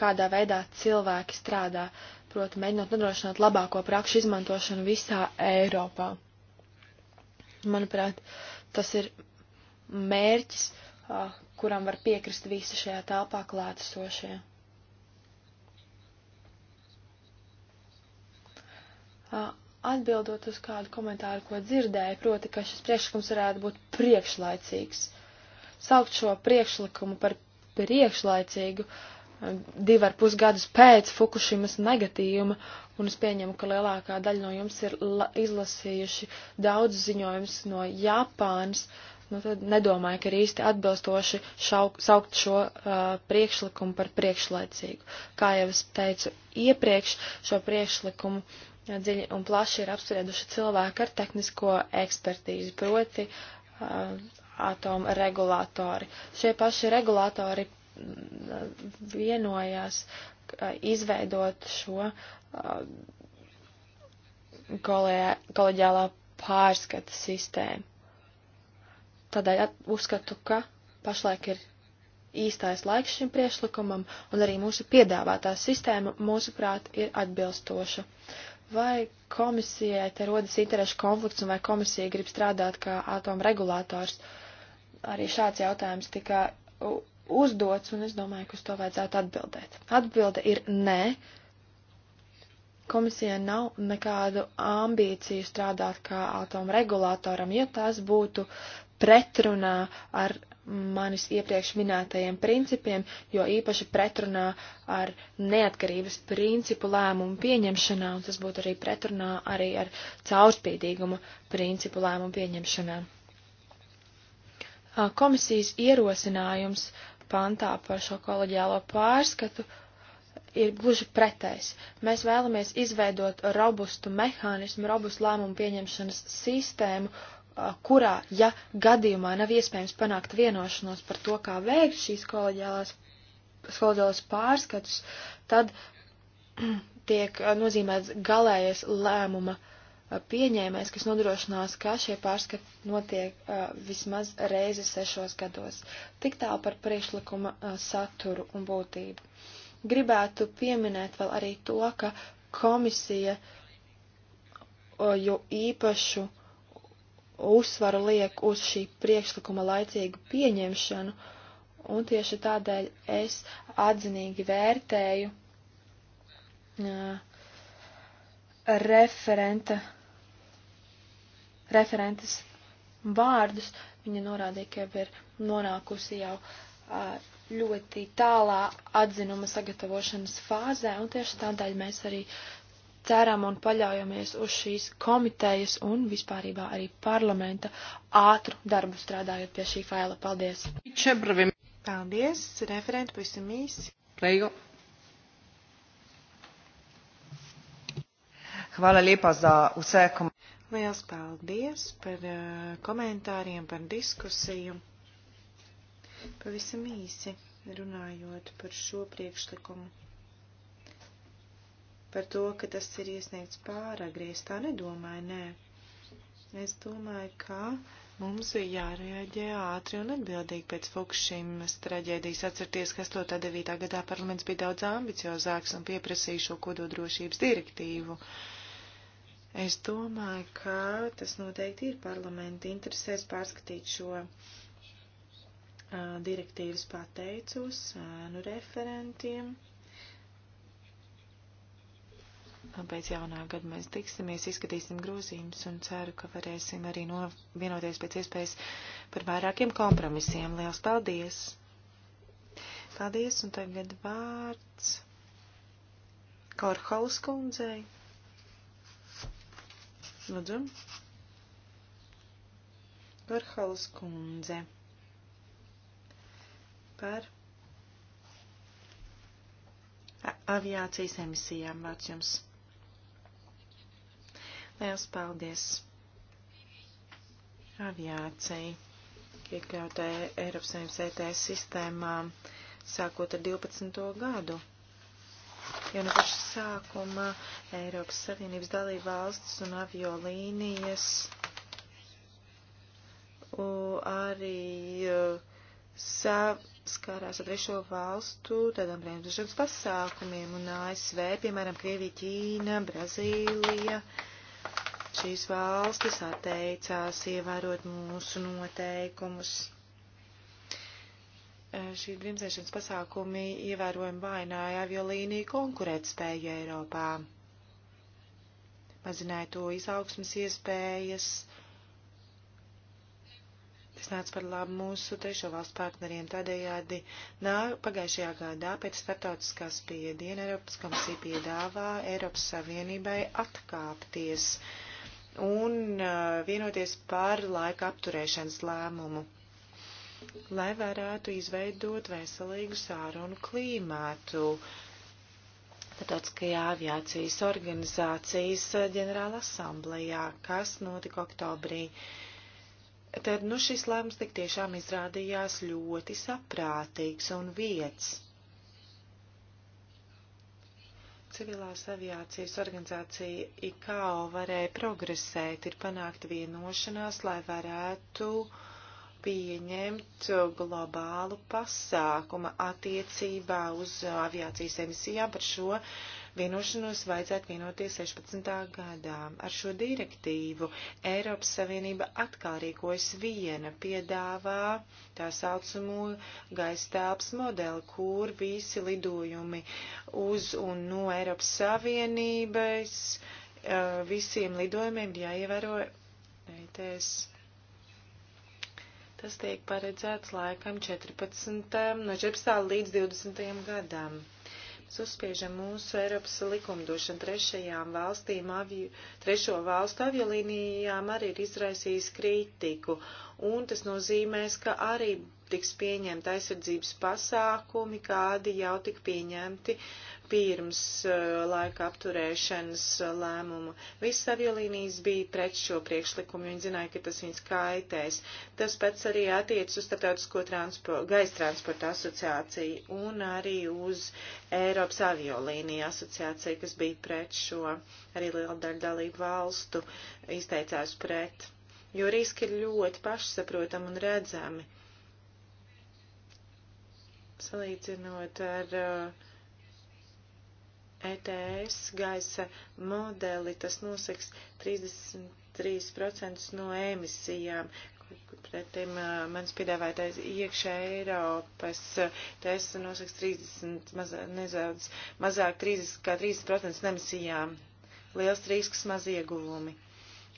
kādā veidā cilvēki strādā, proti mēģinot nodrošināt labāko prakšu izmantošanu visā Eiropā. Manuprāt, tas ir mērķis, kuram var piekrist visi šajā telpā klātesošie. Atbildot uz kādu komentāru, ko dzirdēju, proti, ka šis priekšlikums varētu būt priekšlaicīgs saukt šo priekšlikumu par priekšlaicīgu eh, divi ar pus gadus pēc Fukushimas negatījuma, un es pieņemu, ka lielākā daļa no jums ir izlasījuši daudz ziņojums no Japānas, nu tad nedomāju, ka ir īsti atbilstoši šauk, saukt šo uh, priekšlikumu par priekšlaicīgu. Kā jau es teicu iepriekš, šo priekšlikumu uh, dziļi un plaši ir apsprieduši cilvēki ar tehnisko ekspertīzi, proti uh, atomu regulātori. Šie paši regulātori mm, vienojās izveidot šo uh, koleģiālā pārskata sistēmu. Tādēļ uzskatu, ka pašlaik ir īstais laiks šim priešlikumam, un arī mūsu piedāvātā sistēma, mūsuprāt, ir atbilstoša. Vai komisijai te rodas interešu konflikts, un vai komisija grib strādāt kā atomregulātors? Uh, arī šāds jautājums tika uzdots, un es domāju, ka uz to vajadzētu atbildēt. Atbilde ir nē. Komisija nav nekādu ambīciju strādāt kā automregulātoram, ja tās būtu pretrunā ar manis iepriekš minētajiem principiem, jo īpaši pretrunā ar neatkarības principu lēmumu pieņemšanā, un tas būtu arī pretrunā arī ar caurspīdīguma principu lēmumu pieņemšanā. Komisijas ierosinājums pantā par šo koleģiālo pārskatu ir gluži pretējs. Mēs vēlamies izveidot robustu mehānismu, robustu lēmumu pieņemšanas sistēmu, kurā, ja gadījumā nav iespējams panākt vienošanos par to, kā veikt šīs koleģiālās pārskatus, tad tiek nozīmēts galējais lēmuma uh, pieņēmējs, kas nodrošinās, ka šie pārskati notiek uh, vismaz reizi sešos gados. Tik tālu par priekšlikuma uh, saturu un būtību. Gribētu pieminēt vēl arī to, ka komisija uh, jo īpašu uzsvaru liek uz šī priekšlikuma laicīgu pieņemšanu, un tieši tādēļ es atzinīgi vērtēju referenta referentes vārdus, viņa norādīja, ka jau ir nonākusi jau ļoti tālā atzinuma sagatavošanas fāzē, un tieši tādēļ mēs arī ceram un paļaujamies uz šīs komitejas un vispārībā arī parlamenta ātru darbu strādājot pie šī faila. Paldies! Čebravim. Paldies! Referenti pavisam īsi. Plējo. Hvala lepa za vse komentarje. Liels paldies par uh, komentāriem, par diskusiju. Pavisam īsi runājot par šo priekšlikumu. Par to, ka tas ir iesniegts pāragri, es tā nedomāju, nē. Es domāju, ka mums ir jārēģē ātri un atbildīgi pēc Fukushimas traģēdijas. Atcerieties, ka 8.9. gadā parlaments bija daudz ambiciozāks un pieprasīja šo kododrošības direktīvu. Uh, Es domāju, ka tas noteikti ir parlamenta interesēs pārskatīt šo direktīvas pateicus nu referentiem. Pēc jaunā gada mēs tiksimies, izskatīsim grozījumus un ceru, ka varēsim arī no, vienoties pēc iespējas par vairākiem kompromisiem. Liels paldies! Paldies, un tagad vārds Korholas kundzei lūdzu. Varhalas kundze. Par aviācijas emisijām vārds jums. Liels paldies! Aviācija, iekļautē Eiropas Savienības ETS sistēmā, sākot ar 12. gadu jo no paša sākuma Eiropas Savienības dalība valsts un aviolīnijas arī saskārās ar trešo valstu tādām bremzēšanas pasākumiem un ASV, piemēram, Krievija, Ķīna, Brazīlija. Šīs valstis atteicās ievērot mūsu noteikumus. Eh, šī grimzēšanas pasākumi ievērojami vaināja aviolīniju konkurētspēju Eiropā, mazināja to izaugsmas iespējas. Tas nāca par labu mūsu trešo valstu partneriem. Tādējādi nā, pagājušajā gadā pēc startautiskās spiediena Eiropas komisija piedāvā Eiropas Savienībai atkāpties un uh, vienoties par laika apturēšanas lēmumu lai varētu izveidot veselīgu sārunu klīmētu. Starptautiskajā aviācijas organizācijas ģenerāla asamblējā, kas notika oktobrī. Tad, nu, šis lēmums tik tiešām izrādījās ļoti saprātīgs un vietas. Civilās aviācijas organizācija ICAO varēja progresēt, ir panākt vienošanās, lai varētu uh, pieņemt globālu pasākumu attiecībā uz aviācijas emisijām par šo vienošanos vajadzētu vienoties 16. gadā. Ar šo direktīvu Eiropas Savienība atkal rīkojas viena, piedāvā tā saucamo gaistāps modeli, kur visi lidojumi uz un no Eiropas Savienības eh, visiem lidojumiem jāievēro ETS Tas tiek paredzēts laikam 14. no 14. līdz 20. gadam. Mēs uzspiežam mūsu Eiropas likumdošanu trešajām valstīm, avju, trešo valstu aviolīnijām arī ir izraisījis kritiku, un tas nozīmēs, ka arī tiks pieņemta aizsardzības pasākumi, kādi jau tika pieņemti pirms eh, laika apturēšanas eh, lēmumu. Visas aviolīnijas bija pret šo priekšlikumu, viņi zināja, ka tas viņus kaitēs. Tas pats arī attiec uz Startautisko transpor gaisa transporta asociāciju un arī uz Eiropas aviolīniju asociāciju, kas bija pret šo. Arī liela daļa dalību valstu izteicās pret, jo riski ir ļoti pašsaprotami un redzami. Salīdzinot ar uh, ETS gaisa modeli, tas nosaks 33% no emisijām. Pretim mans piedāvātais iekšā Eiropas testa nosaks 30, maz, nezaudz, mazāk 30, kā 30% emisijām. Liels risks, maz ieguvumi.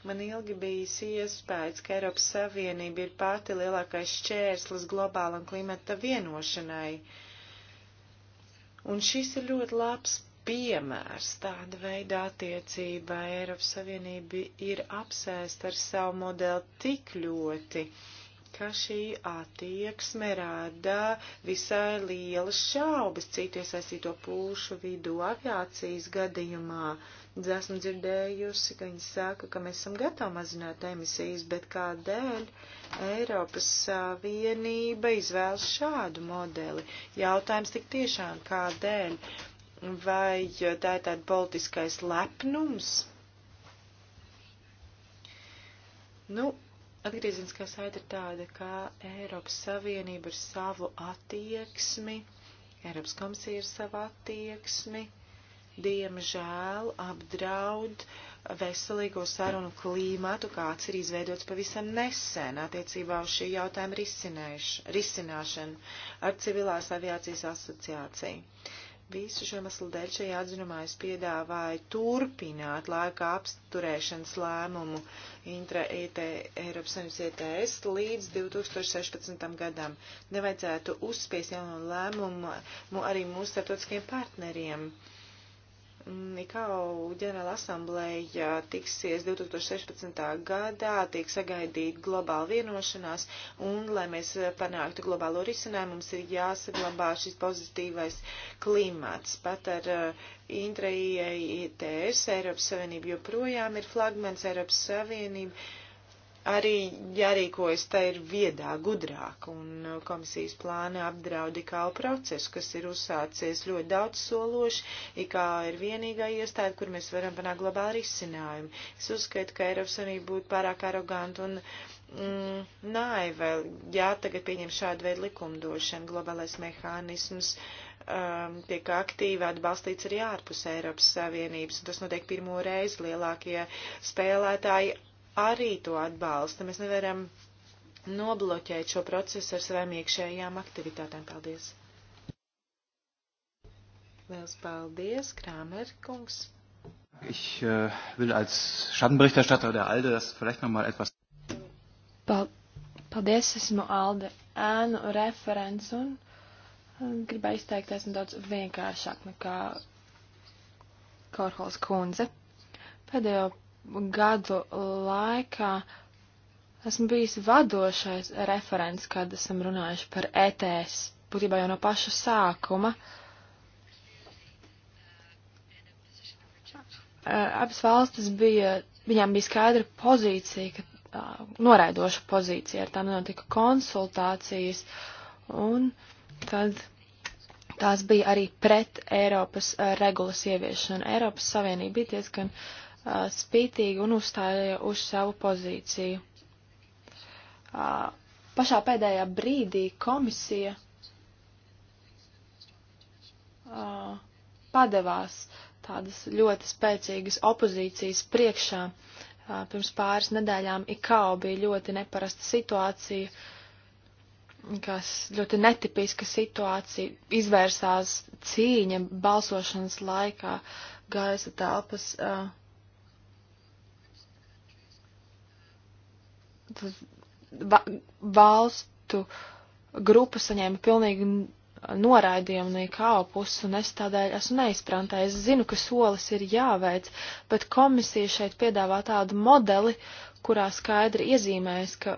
Man ilgi bijis iespējas, ka Eiropas Savienība ir pati lielākais šķērslis globālam klimata vienošanai. Un šis ir ļoti labs piemērs tāda veida attiecībā. Eiropas Savienība ir apsēsta ar savu modeli tik ļoti, ka šī attieksme rada visai lielas šaubas citu iesaistīto pušu vidū aviācijas gadījumā. Esmu dzirdējusi, ka viņi saka, ka mēs esam gatavi mazināt emisijas, bet kādēļ Eiropas Savienība izvēlas šādu modeli? Jautājums tik tiešām kādēļ? Vai tā ir tāda politiskais lepnums? Nu, atgriezeniskā saita ir tāda, ka Eiropas Savienība ir savu attieksmi, Eiropas komisija ir savu attieksmi, diemžēl apdraud veselīgo sarunu klīmatu, kāds ir izveidots pavisam nesen attiecībā uz šī jautājuma risināšanu ar Civilās aviācijas asociāciju. Visu šo maslu dēļ šajā atzinumā es piedāvāju turpināt laika apsturēšanas lēmumu intra IT e Eiropas Savienības ITS e līdz 2016. gadam. Nevajadzētu uzspies jaunu lēmumu arī mūsu starptautiskiem partneriem. Uh, Nikau ģenerāla asamblēja tiksies 2016. gadā, tiek sagaidīta globāla vienošanās, un, lai mēs panāktu globālo risinājumu, mums ir jāsaglabā šis pozitīvais klimats. Pat ar uh, intraijai ITS e Eiropas Savienība joprojām ir flagments Eiropas Savienība arī jārīkojas tā ir viedā, gudrāk, un uh, komisijas plāna apdraud IKL procesu, kas ir uzsācies ļoti daudz sološi. IKL ir vienīgā iestāde, kur mēs varam panākt globālu risinājumu. Es uzskatu, ka Eiropas Unība būtu pārāk aroganta un mm, naiva, ja tagad pieņem šādu veidu likumdošanu, globālais mehānisms. Uh, um, tiek aktīvi atbalstīts arī ārpus Eiropas Savienības. Tas notiek pirmo reizi lielākie spēlētāji arī to atbalsta. Mēs nevaram nobloķēt šo procesu ar savām iekšējām aktivitātēm. Paldies! Liels paldies, Krāmer kungs! Ich äh, will als Schattenberichterstatter der ALDE das vielleicht nochmal etwas. Paldies, esmu ALDE ēnu referents un gribēju izteikties nedaudz vienkāršāk nekā Korhols kundze. Pēdējo gadu laikā esmu bijis vadošais referents, kad esam runājuši par ETS, būtībā jau no paša sākuma. Abas valstis bija, viņām bija skaidra pozīcija, ka, uh, noraidoša pozīcija, ar tām notika konsultācijas, un tad tās bija arī pret Eiropas uh, regulas ieviešanu. Eiropas Savienība bija diezgan uh, spītīgi un uzstāja uz savu pozīciju. Pašā pēdējā brīdī komisija padevās tādas ļoti spēcīgas opozīcijas priekšā. Pirms pāris nedēļām IKAO bija ļoti neparasta situācija, kas ļoti netipiska situācija izvērsās cīņa balsošanas laikā gaisa telpas uh, va, valstu grupa saņēma pilnīgi noraidījumu no IKO puses, un es tādēļ esmu neizprantā. Es zinu, ka solis ir jāveic, bet komisija šeit piedāvā tādu modeli, kurā skaidri iezīmējas, ka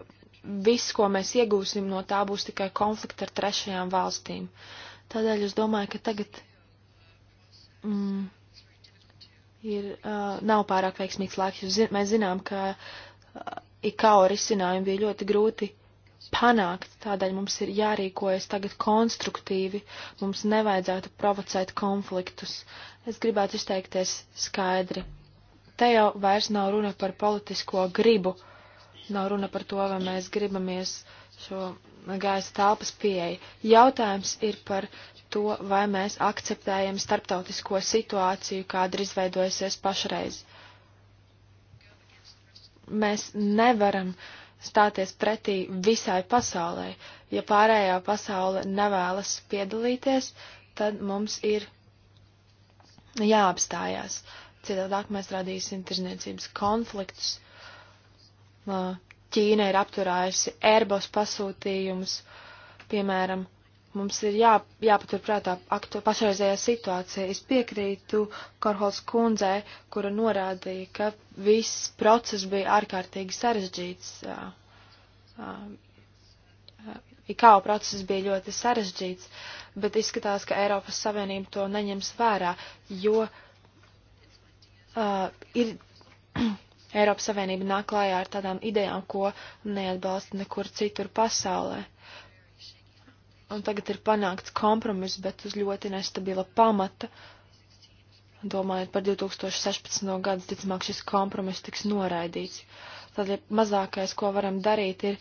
viss, ko mēs iegūsim no tā, būs tikai konflikti ar trešajām valstīm. Tādēļ es domāju, ka tagad mm, ir, uh, nav pārāk veiksmīgs laiks, jo zi mēs zinām, ka uh, IKO risinājumu bija ļoti grūti panākt, tādēļ mums ir jārīkojas tagad konstruktīvi, mums nevajadzētu provocēt konfliktus. Es gribētu izteikties skaidri. Te jau vairs nav runa par politisko gribu, nav runa par to, vai mēs gribamies šo gaisa telpas pieeju. Jautājums ir par to, vai mēs akceptējam starptautisko situāciju, kāda ir izveidojusies pašreiz mēs nevaram stāties pretī visai pasaulē. Ja pārējā pasaule nevēlas piedalīties, tad mums ir jāapstājās. Citādāk mēs radīsim tirzniecības konfliktus. Ķīna ir apturējusi Airbus pasūtījumus, piemēram, Mums ir jā, jāpaturprātā aktu, pašreizējā situācija. Es piekrītu Korholz kundzē, kura norādīja, ka viss process bija ārkārtīgi sarežģīts. IKO process bija ļoti sarežģīts, bet izskatās, ka Eiropas Savienība to neņems vērā, jo uh, ir Eiropas Savienība nāk klājā ar tādām idejām, ko neatbalsta nekur citur pasaulē un tagad ir panākts kompromiss, bet uz ļoti nestabila pamata. Domājot par 2016. gadu, ticamāk šis kompromiss tiks noraidīts. Tad ja mazākais, ko varam darīt, ir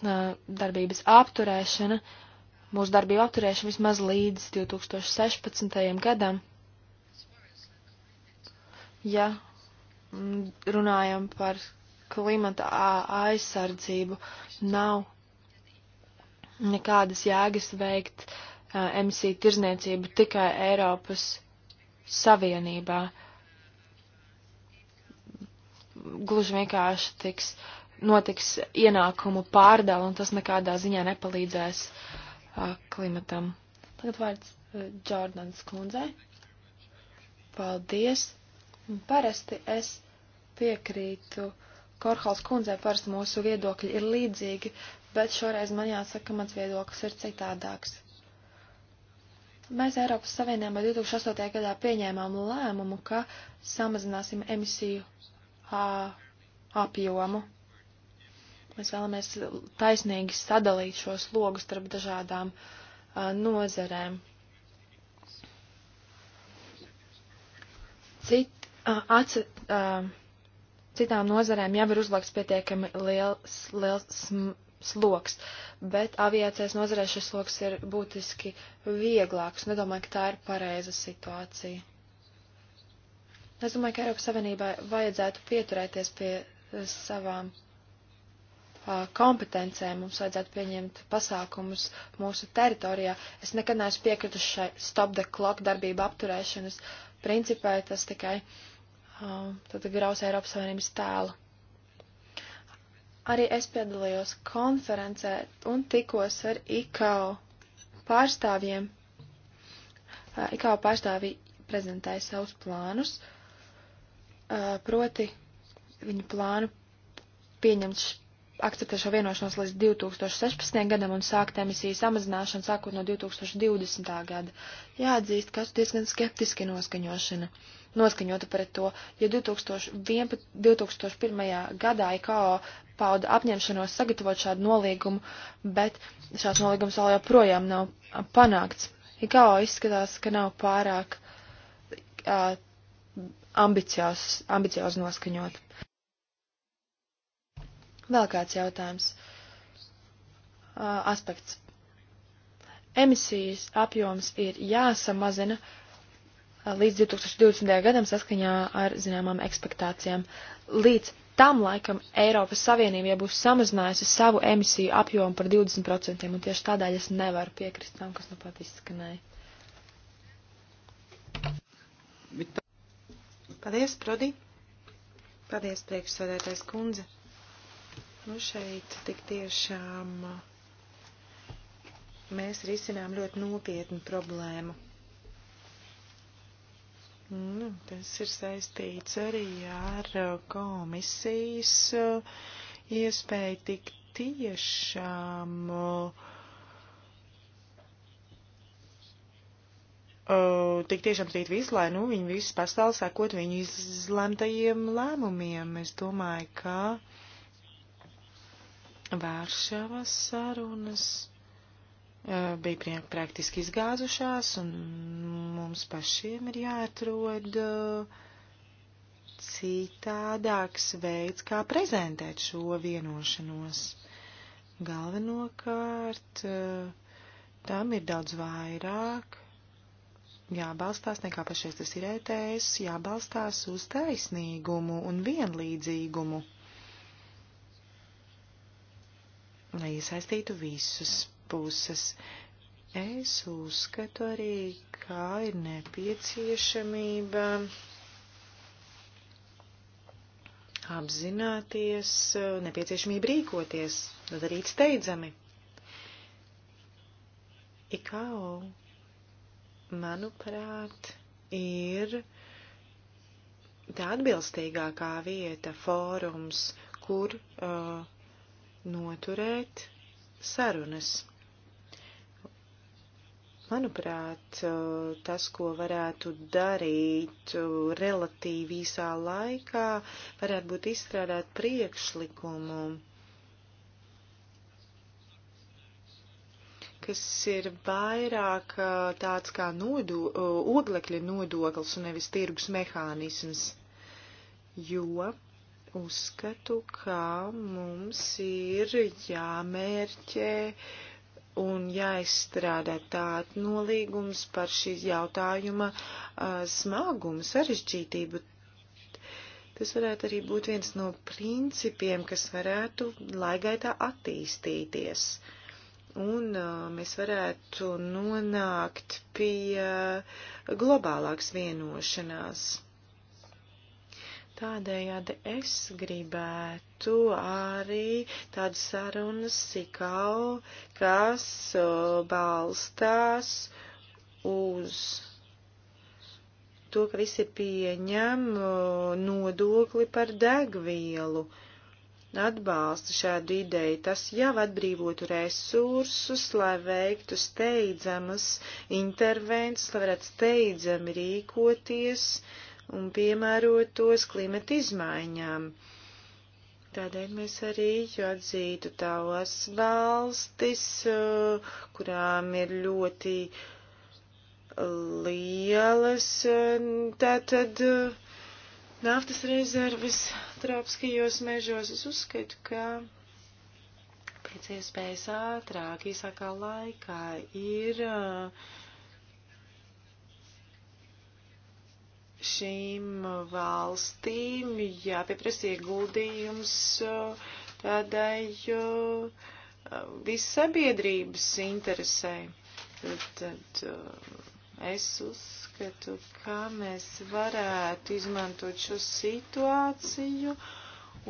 uh, darbības apturēšana, mūsu darbību apturēšana vismaz līdz 2016. gadam. Ja mm, runājam par klimata aizsardzību, nav nekādas jēgas veikt uh, emisiju tirzniecību tikai Eiropas Savienībā. Gluži vienkārši tiks, notiks ienākumu pārdala, un tas nekādā ziņā nepalīdzēs uh, klimatam. Tagad vārds uh, Jordans kundzei. Paldies! Parasti es piekrītu Korhals kundzei, parasti mūsu viedokļi ir līdzīgi, bet šoreiz man jāsaka, ka mans viedoklis ir citādāks. Mēs Eiropas Savienībā 2008. gadā pieņēmām lēmumu, ka samazināsim emisiju a, apjomu. Mēs vēlamies taisnīgi sadalīt šos logus starp dažādām a, nozerēm. Cit, a, ats, a, citām nozarēm jau ir uzlikts pietiekami liels, liels sm, sloks, bet aviācijas nozarē šis sloks ir būtiski vieglāks. Nedomāju, ka tā ir pareiza situācija. Es domāju, ka Eiropas Savienībai vajadzētu pieturēties pie savām uh, kompetencēm. Mums vajadzētu pieņemt pasākumus mūsu teritorijā. Es nekad neesmu piekrituši šai stop the clock darbību apturēšanas principai. Tas tikai uh, tad graus Eiropas Savienības tēlu. Arī es piedalījos konferencē un tikos ar IKO pārstāvjiem. IKO pārstāvji prezentēja savus plānus, proti viņu plānu pieņemt akceptē šo vienošanos līdz 2016. gadam un sākt emisiju samazināšanu sākot no 2020. gada. Jāatzīst, ka esmu diezgan skeptiski noskaņošana noskaņota pret to, ja 2011, 2001. gadā IKO pauda apņemšanos sagatavot šādu nolīgumu, bet šāds nolīgums vēl joprojām nav panākts. IKO izskatās, ka nav pārāk uh, ambiciozi noskaņot. Vēl kāds jautājums. Uh, aspekts. Emisijas apjoms ir jāsamazina, uh, līdz 2020. gadam saskaņā ar zināmām ekspektācijām. Līdz tam laikam Eiropas Savienība jau būs samazinājusi savu emisiju apjomu par 20%, un tieši tādēļ es nevaru piekrist tam, kas nu pat izskanēja. Paldies, Prodi. Paldies, priekšsēdētājs kundze. Nu šeit tik tiešām mēs risinām ļoti nopietnu problēmu. Nu, tas ir saistīts arī ar uh, komisijas uh, iespēju tik tiešām Uh, uh tik tiešām tīt visu, lai nu, viņi visu pasauli sekot viņu izlemtajiem lēmumiem. Es domāju, ka Vāršavas sarunas Eh, bija praktiski izgāzušās, un mums pašiem ir jāatrod eh, citādāks veids, kā prezentēt šo vienošanos. Galvenokārt, eh, tam ir daudz vairāk jābalstās nekā pašais tas ir ETS, jābalstās uz taisnīgumu un vienlīdzīgumu, lai iesaistītu visus puses. Es uzskatu arī, kā ir nepieciešamība apzināties, nepieciešamība rīkoties, tad arī steidzami. IKO, manuprāt, ir tā atbilstīgākā vieta, fórums, kur uh, noturēt sarunas. Manuprāt, eh, tas, ko varētu darīt eh, relatīvi īsā laikā, varētu būt izstrādāt priekšlikumu, kas ir vairāk eh, tāds kā nodo, oglekļa nodoklis un nevis tirgus mehānisms, jo uzskatu, ka mums ir jāmērķē. Uh, un jāizstrādā tāds nolīgums par šīs jautājuma uh, smagumu, sarežģītību. Tas varētu arī būt viens no principiem, kas varētu laikgaitā attīstīties. Un uh, mēs varētu nonākt pie uh, globālāks vienošanās. Tādējādi es gribētu arī tādas sarunas sikau, kas balstās uz to, ka visi pieņem nodokli par degvielu. Atbalsta šādu ideju, tas jau atbrīvotu resursus, lai veiktu steidzamas intervences, lai varētu steidzami rīkoties, uh, un piemērot tos klimata izmaiņām. Tādēļ mēs arī atzītu tās valstis, eh, kurām ir ļoti lielas eh, tātad eh, naftas rezerves tropiskajos mežos. Es uzskatu, ka pēc iespējas ātrāk, īsākā laikā ir uh, šīm valstīm jāpieprasa ieguldījums uh, tādai uh, vissabiedrības interesē. Tad uh, es uzskatu, kā mēs varētu izmantot šo situāciju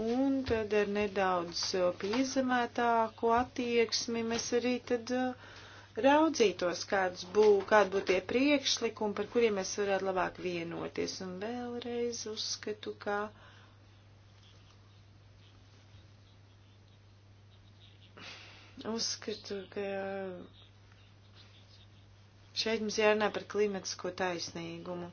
un tad ar nedaudz piezemētāku attieksmi mēs arī tad uh, raudzītos, kāds būtu, kādi būtu tie priekšlikumi, par kuriem mēs varētu labāk vienoties. Un vēlreiz uzskatu, ka. Uzskatu, ka šeit mums jārunā par klimatisko taisnīgumu.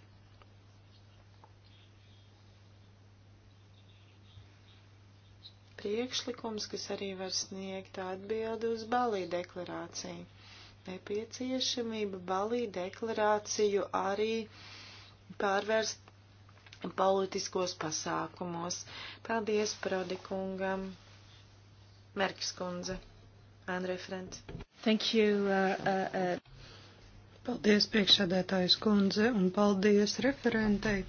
priekšlikums, kas arī var sniegt atbildi uz Balī deklarāciju nepieciešamība Balī deklarāciju arī pārvērst politiskos pasākumos. Paldies, Prodikungam, Merkis kundze, Anreferent. Thank you. Uh, uh, uh, Paldies, priekšsēdētājs kundze, un paldies referentei.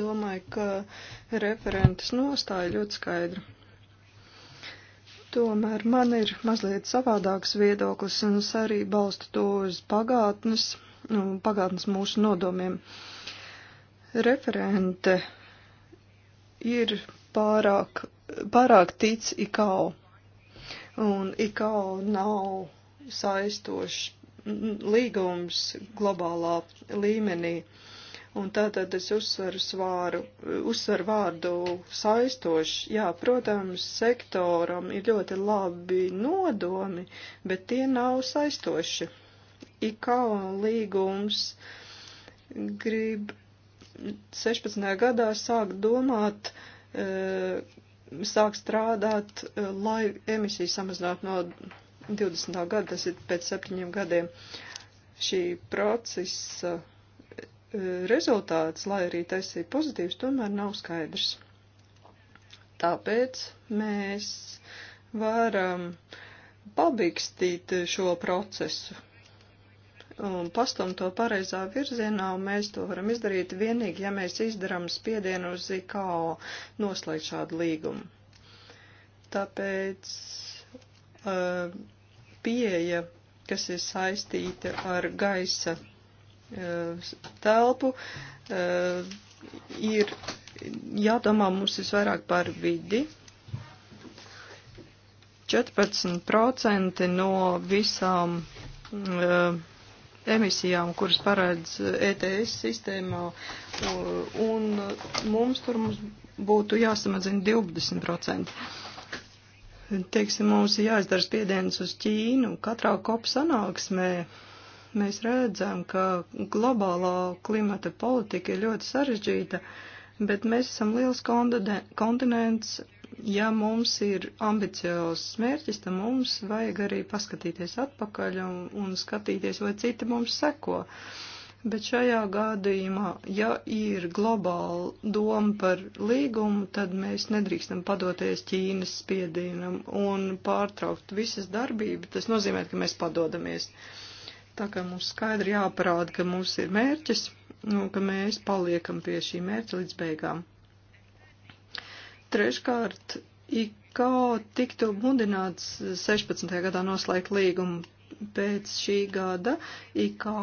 Domāju, ka referentes nostāja ļoti skaidra. Tomēr man ir mazliet savādāks viedoklis, un es arī balstu to uz pagātnes, nu, pagātnes mūsu nodomiem. Referente ir pārāk, pārāk tic IKO, un IKO nav saistošs līgums globālā līmenī. Uh, Un tātad es uzsveru, svāru, uzsveru vārdu saistoši. Jā, protams, sektoram ir ļoti labi nodomi, bet tie nav saistoši. IKO līgums grib 16. gadā sākt domāt, e, sāk strādāt, e, lai emisijas samazinātu no 20. gada, tas ir pēc septiņiem gadiem. Šī procesa E, rezultāts, lai arī tas ir pozitīvs, tomēr nav skaidrs. Tāpēc mēs varam pabikstīt šo procesu un pastum to pareizā virzienā, un mēs to varam izdarīt vienīgi, ja mēs izdaram spiedienu uz IKO noslēgt šādu līgumu. Tāpēc uh, pieeja, kas ir saistīta ar gaisa Uh, telpu. Uh, ir jādomā mums visvairāk par vidi. 14% no visām uh, emisijām, kuras paredz ETS sistēmā, un mums tur mums būtu jāsamazina 20%. Teiksim, mums ir jāizdara spiediens uz Ķīnu. Katrā kopu sanāksmē uh, Mēs redzam, ka globālā klimata politika ir ļoti sarežģīta, bet mēs esam liels kontinents. Ja mums ir ambiciozs mērķis, tad mums vajag arī paskatīties atpakaļ un, un skatīties, vai citi mums seko. Bet šajā gadījumā, ja ir globāla doma par līgumu, tad mēs nedrīkstam padoties Ķīnas spiedienam un pārtraukt visas darbības. Tas nozīmē, ka mēs padodamies. Uh, Tā kā mums skaidri jāparāda, ka mums ir mērķis, nu, ka mēs paliekam pie šī mērķa līdz beigām. Treškārt, IKO tiktu mudināts 16. gadā noslēgt līgumu pēc šī gada IKO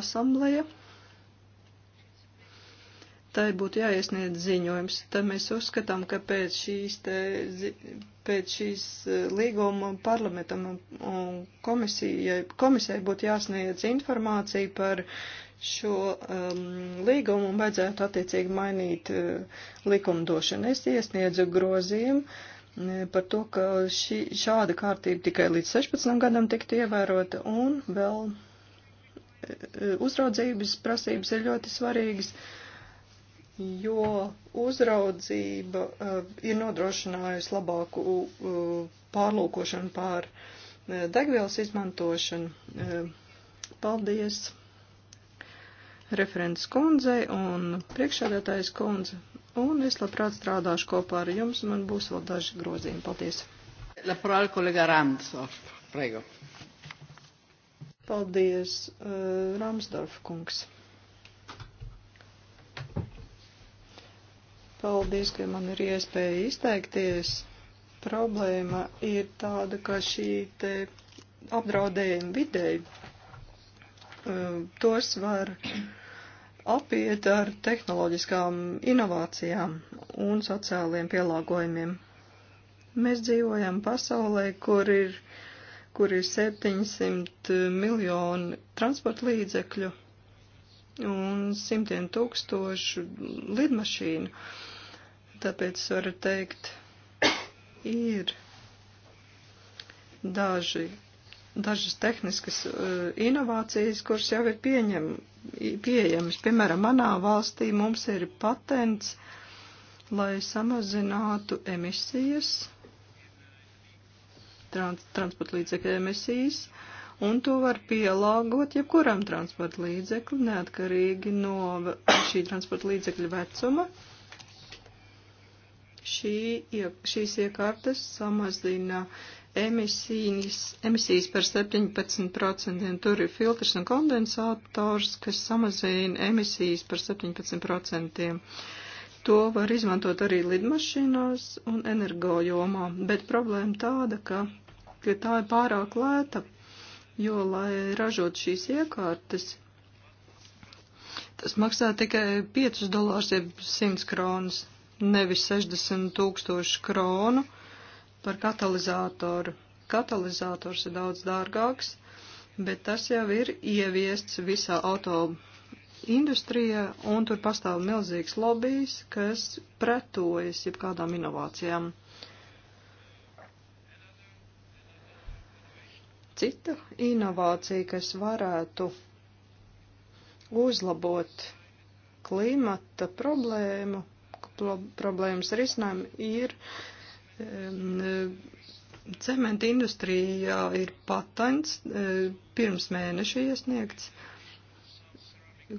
asambleja tai būtu jāiesniedz ziņojums. Tad mēs uzskatām, ka pēc šīs, te, pēc šīs eh, līguma parlamentam un komisijai, komisijai būtu jāsniedz informācija par šo um, līgumu un vajadzētu attiecīgi mainīt uh, likumdošanu. Es iesniedzu grozījumu eh, par to, ka šī, šāda kārtība tikai līdz 16 gadam tiktu ievērota un vēl uzraudzības prasības ir ļoti svarīgas. Uh, jo uzraudzība uh, ir nodrošinājusi labāku uh, pārlūkošanu pār uh, degvielas izmantošanu. Uh, paldies referents kundzei un priekšādātājs kundze, un es labprāt strādāšu kopā ar jums, man būs vēl daži grozījumi. Paldies. La parola kolega Ramsdorf, prego. Paldies, uh, Ramsdorf kungs. Paldies, ka man ir iespēja izteikties. Problēma ir tāda, ka šī te apdraudējuma videi um, tos var apiet ar tehnoloģiskām inovācijām un sociāliem pielāgojumiem. Mēs dzīvojam pasaulē, kur ir, kur ir 700 miljoni transporta līdzekļu un simtiem tūkstošu lidmašīnu. Tāpēc varu teikt, ir daži, dažas tehniskas eh, inovācijas, kuras jau ir pieņem, pieejamas. Piemēram, manā valstī mums ir patents, lai samazinātu emisijas, trans, transporta līdzekļu emisijas, un to var pielāgot jebkuram transporta līdzeklim, neatkarīgi no šī transporta līdzekļa vecuma. Uh, Šī, šīs iekārtas samazina emisijas, emisijas par 17%. Tur ir filtrs un kondensators, kas samazina emisijas par 17%. To var izmantot arī lidmašīnās un energojomā, bet problēma tāda, ka, ka tā ir pārāk lēta, jo, lai ražot šīs iekārtas, tas maksā tikai 5 dolārus, jeb 100 kronas nevis 60 tūkstoši kronu par katalizātoru. Katalizators ir daudz dārgāks, bet tas jau ir ieviests visā auto industrijā, un tur pastāv milzīgs lobijs, kas pretojas jebkādām inovācijām. Cita inovācija, kas varētu uzlabot klimata problēmu, problēmas risinājumu ir cementa industrijā ir patents e, pirms mēneša iesniegts,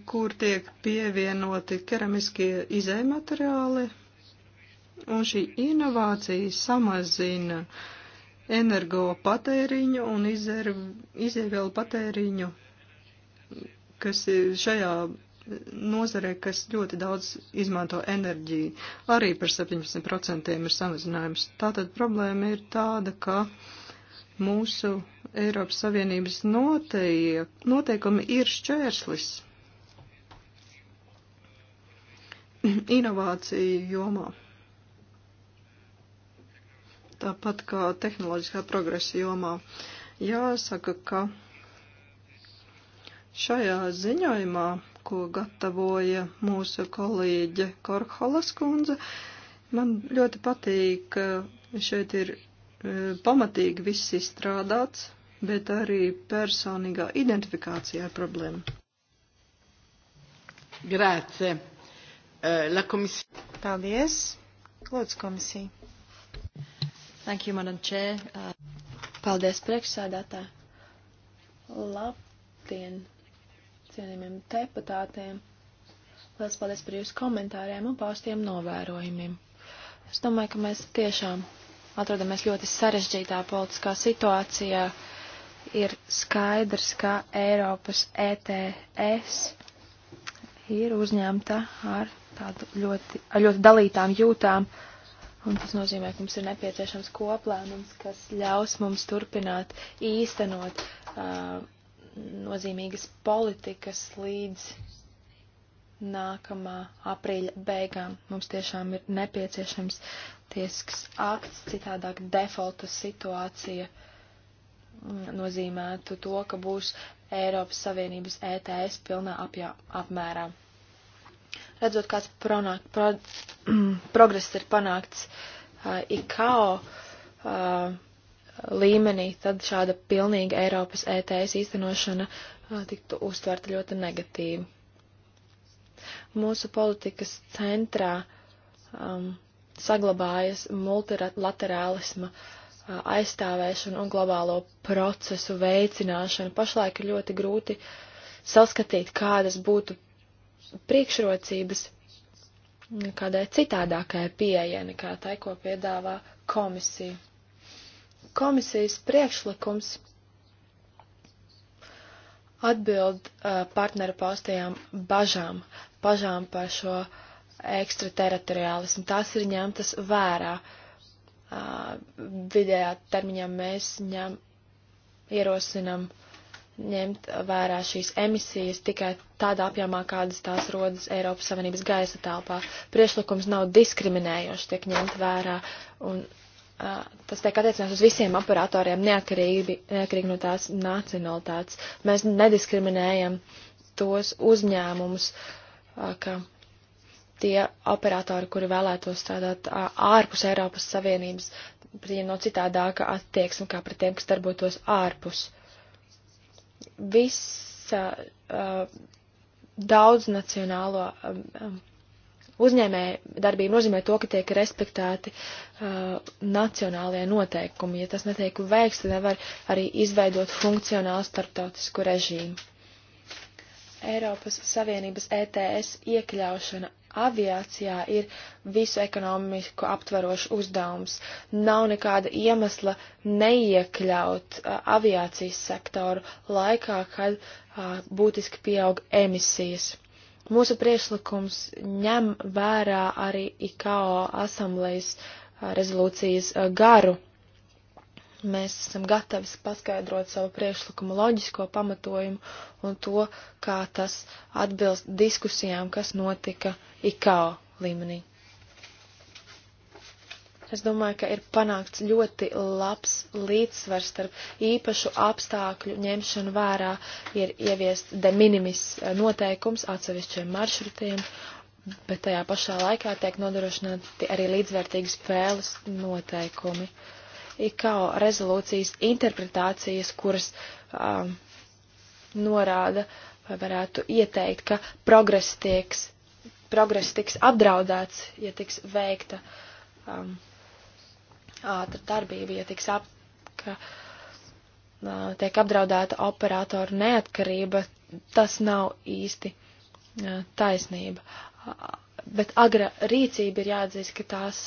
kur tiek pievienoti keramiskie izējumateriāli, un šī inovācija samazina energo patēriņu un izēvielu patēriņu, kas šajā nozarē, kas ļoti daudz izmanto enerģiju, arī par 17% ir samazinājums. Tātad problēma ir tāda, ka mūsu Eiropas Savienības noteik noteikumi ir šķērslis inovāciju jomā. Tāpat kā tehnoloģiskā progresa jomā. Jāsaka, ka šajā ziņojumā ko gatavoja mūsu kolēģe Korholas kundze. Man ļoti patīk, ka šeit ir e, pamatīgi viss izstrādāts, bet arī personīgā identifikācijā ir problēma. Grāce. E, la komisija. Paldies. Lūdzu, komisija. Thank you, Madam Chair. Uh, paldies, priekšsādātā. Labdien cienījumiem deputātiem. Lielas paldies par jūsu komentāriem un paustiem novērojumiem. Es domāju, ka mēs tiešām atrodamies ļoti sarežģītā politiskā situācijā. Ir skaidrs, ka Eiropas ETS ir uzņemta ar tādu ļoti, ar ļoti dalītām jūtām. Un tas nozīmē, ka mums ir nepieciešams koplēmums, kas ļaus mums turpināt īstenot uh, nozīmīgas politikas līdz nākamā aprīļa beigām. Mums tiešām ir nepieciešams tiesisks akts, citādāk defaulta situācija nozīmētu to, ka būs Eiropas Savienības ETS pilnā apjā, apmērā. Redzot, kāds pronāk, pro, progress ir panākts uh, IKO uh, līmenī, tad šāda pilnīga Eiropas ETS īstenošana tiktu uztverta ļoti negatīvi. Mūsu politikas centrā um, saglabājas multilaterālisma uh, aizstāvēšana un globālo procesu veicināšana. Pašlaik ir ļoti grūti saskatīt, kādas būtu priekšrocības kādai citādākai pieeja nekā tai, ko piedāvā komisija. Komisijas priekšlikums atbild uh, partneru paustajām bažām, bažām par šo ekstrateritoriālismu. Tās ir ņemtas vērā. Uh, vidējā termiņā mēs ņem, ierosinam ņemt vērā šīs emisijas tikai tādā apjomā, kādas tās rodas Eiropas Savienības gaisa telpā. Priešlikums nav diskriminējošs, tiek ņemt vērā un tas tiek attiecināts uz visiem operatoriem, neatkarīgi, neatkarīgi no tās nacionalitātes. Mēs nediskriminējam tos uzņēmumus, ka tie operatori, kuri vēlētos strādāt ārpus Eiropas Savienības, viņiem no citādāka attieksme kā pret tiem, kas darbotos ārpus. Visa daudznacionālo uzņēmē darbība nozīmē to, ka tiek respektēti uh, nacionālie noteikumi. Ja tas netiek veikts, tad nevar arī izveidot funkcionālu starptautisku režīmu. Eiropas Savienības ETS iekļaušana aviācijā ir visu ekonomiku aptvarošs uzdevums. Nav nekāda iemesla neiekļaut uh, aviācijas sektoru laikā, kad uh, būtiski pieaug emisijas Mūsu priešlikums ņem vērā arī IKO asamblejas rezolūcijas garu. Mēs esam gatavi paskaidrot savu priešlikumu loģisko pamatojumu un to, kā tas atbilst diskusijām, kas notika IKO līmenī. Es domāju, ka ir panākts ļoti labs līdzsvars starp īpašu apstākļu ņemšanu vērā, ir ieviests de minimis eh, noteikums atsevišķiem maršrutiem, bet tajā pašā laikā tiek nodrošināti arī līdzvērtīgi spēles noteikumi. IKO rezolūcijas interpretācijas, kuras um, norāda vai varētu ieteikt, ka progress tiks, progress tiks apdraudēts, ja tiks veikta. Um, ātra darbība, ja tiks ap, ka, tiek apdraudēta operātoru neatkarība, tas nav īsti taisnība. Bet agra rīcība ir jāatzīst, ka tās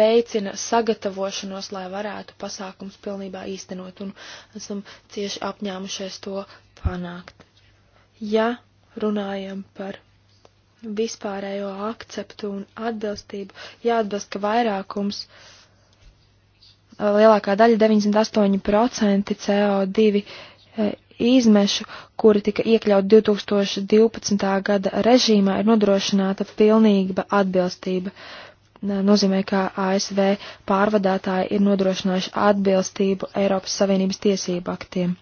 veicina sagatavošanos, lai varētu pasākums pilnībā īstenot, un esam cieši apņēmušies to panākt. Ja runājam par vispārējo akceptu un atbilstību, jāatbilst, ka vairākums uh, lielākā daļa, 98% CO2 eh, izmešu, kuri tika iekļaut 2012. gada režīmā, ir nodrošināta pilnīga atbilstība. Nozīmē, ka ASV pārvadātāji ir nodrošinājuši atbilstību Eiropas Savienības tiesību aktiem.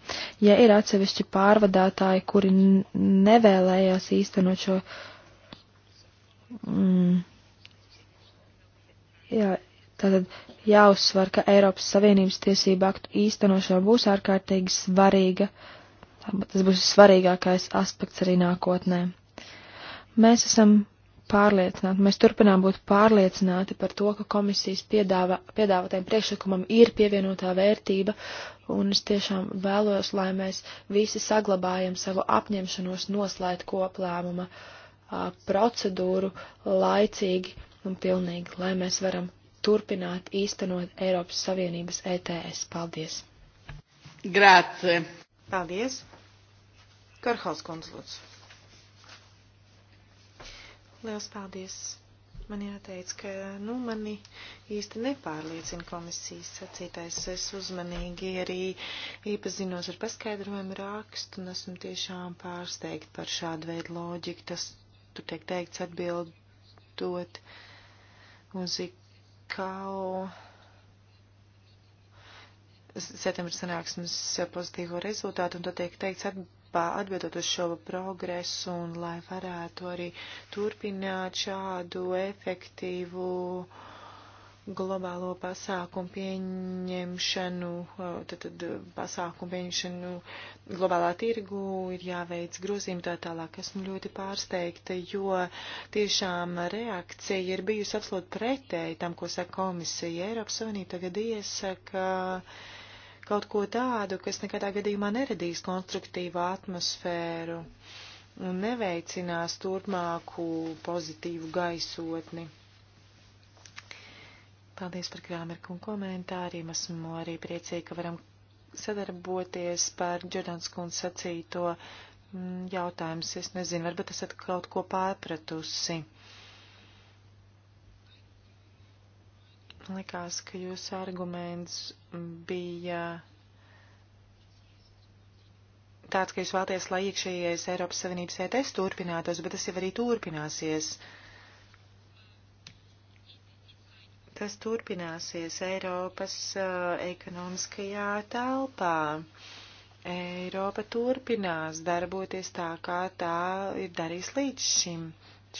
Ja ir atsevišķi pārvadātāji, kuri nevēlējās īstenot šo. Mm, jā, Tātad jāuzsver, ka Eiropas Savienības tiesību aktu īstenošana būs ārkārtīgi svarīga. Tas būs svarīgākais aspekts arī nākotnē. Mēs esam pārliecināti, mēs turpinām būt pārliecināti par to, ka komisijas piedāvā, piedāvātajam priekšlikumam ir pievienotā vērtība, un es tiešām vēlos, lai mēs visi saglabājam savu apņemšanos noslēgt koplēmuma a, procedūru laicīgi un pilnīgi, lai mēs varam turpināt īstenot Eiropas Savienības ETS. Paldies! Grāce! Paldies! Karhals konsults. Liels paldies! Man jāteic, ka, nu, mani īsti nepārliecina komisijas sacītais. Es uzmanīgi arī iepazinos ar paskaidrojumu rakstu un esmu tiešām pārsteigta par šādu veidu loģiku. Tas, tur tiek teikts atbildot uz ik kao septembra sanāksmes pozitīvo rezultātu, un to tiek teikts atbildot uz šo progresu, un lai varētu arī turpināt šādu efektīvu uh, globālo pasākumu pieņemšanu, tad, tad eh, pasākumu pieņemšanu globālā tirgu ir jāveic grozījumi tā tālāk. Esmu ļoti pārsteigta, jo tiešām reakcija ir bijusi absolūti pretēji tam, ko saka komisija. Eiropas Savienība tagad iesaka kaut ko tādu, kas nekādā gadījumā neradīs konstruktīvu atmosfēru un neveicinās turpmāku pozitīvu gaisotni. Paldies par Krāmerku un komentāriem. Esmu arī priecīgi, ka varam sadarboties par Džordans kundz sacīto mm, jautājumus. Es nezinu, varbūt esat kaut ko pārpratusi. Likās, ka jūsu arguments bija tāds, ka jūs vēlaties, lai iekšējais Eiropas Savienības ETS turpinātos, bet tas jau arī turpināsies. Uh, kas turpināsies Eiropas uh, ekonomiskajā telpā. Eiropa turpinās darboties tā, kā tā ir darījis līdz šim.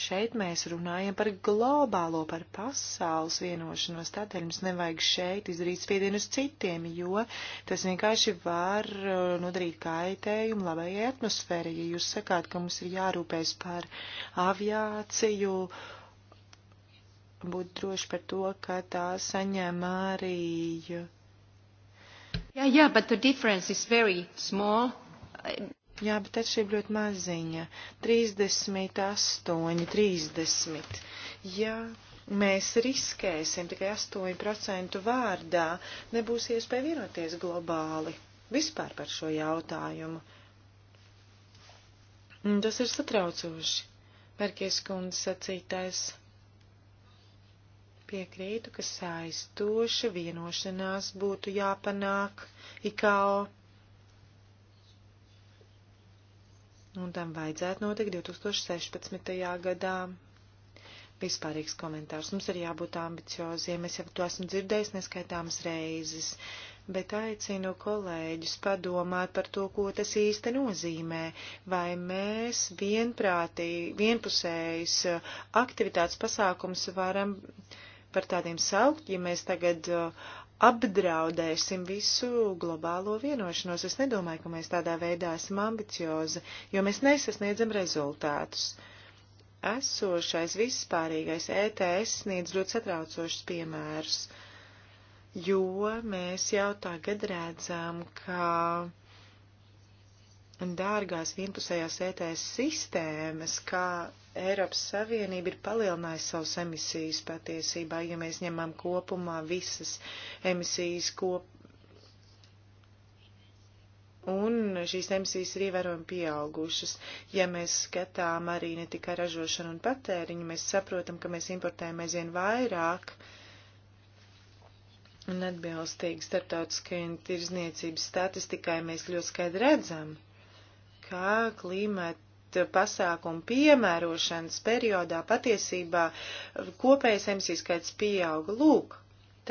Šeit mēs runājam par globālo, par pasaules vienošanos, tādēļ mums nevajag šeit izdarīt spiedienu uz citiem, jo tas vienkārši var uh, nodarīt kaitējumu labajai atmosfērai. Ja jūs sakāt, ka mums ir jārūpēs par aviāciju, uh, būt droši par to, ka tā saņem arī. Jā, jā, bet the difference is very small. Jā, bet atšķirība ļoti maziņa. 38, 30. Ja mēs riskēsim tikai 8% vārdā, nebūs iespēja vienoties globāli vispār par šo jautājumu. Tas ir satraucoši. Merkies kundze sacītais. Piekrītu, ka saistoša vienošanās būtu jāpanāk IKO. Un tam vajadzētu notikt 2016. gadā. Vispārīgs komentārs. Mums ir jābūt ambicioziem. Mēs jau to esam dzirdējis neskaitāmas reizes bet aicinu kolēģus padomāt par to, ko tas īsti nozīmē, vai mēs vienprātīgi, vienpusējas aktivitātes pasākums varam uh, par tādiem saukt, ja mēs tagad uh, apdraudēsim visu globālo vienošanos. Es nedomāju, ka mēs tādā veidā esam ambiciozi, jo mēs nesasniedzam rezultātus. Esošais vispārīgais ETS sniedz ļoti satraucošus piemērus, jo mēs jau tagad redzam, ka dārgās vienpusējās ETS sistēmas, kā Eiropas Savienība ir palielinājusi savus emisijas patiesībā, ja mēs ņemam kopumā visas emisijas kop. Un šīs emisijas ir ievērojami pieaugušas. Ja mēs skatām arī ne tikai ražošanu un patēriņu, mēs saprotam, ka mēs importējam aizvien vairāk un atbilstīgi starptautiskajai tirzniecības statistikai mēs ļoti skaidri redzam, kā klimata pasākumu piemērošanas periodā patiesībā kopējais emisiju skaits pieauga. Lūk,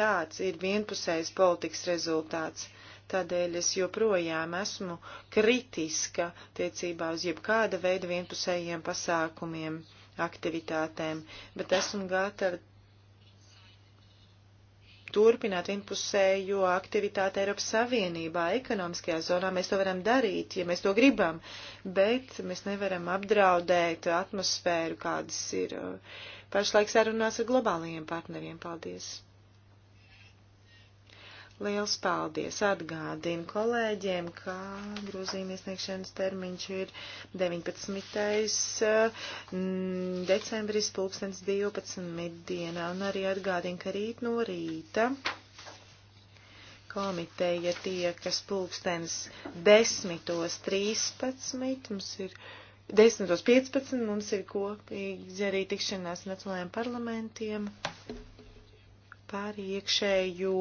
tāds ir vienpusējs politikas rezultāts. Tādēļ es joprojām esmu kritiska tiecībā uz jebkāda veida vienpusējiem pasākumiem, aktivitātēm, bet esmu gatava turpināt vienpusējo aktivitāti Eiropas Savienībā, ekonomiskajā zonā. Mēs to varam darīt, ja mēs to gribam, bet mēs nevaram apdraudēt atmosfēru, kādas ir uh, pašlaik sarunās ar globālajiem partneriem. Paldies! Liels paldies! Atgādinu kolēģiem, ka grozījuma iesniegšanas termiņš ir 19. Mm, decembris, pulkstens 12. dienā, un arī atgādinu, ka rīt no rīta komiteja tiekas pulkstens 10.13. mums ir 10.15. mums ir kopīgi arī tikšanās nacionālajiem parlamentiem par iekšējo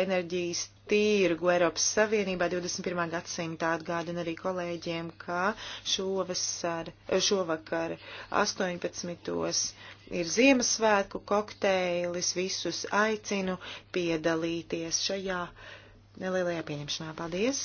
enerģijas tirgu Eiropas Savienībā 21. gadsimtā atgādina arī kolēģiem, ka šovasar, šovakar 18. ir Ziemassvētku kokteilis. Visus aicinu piedalīties šajā nelielajā pieņemšanā. Paldies!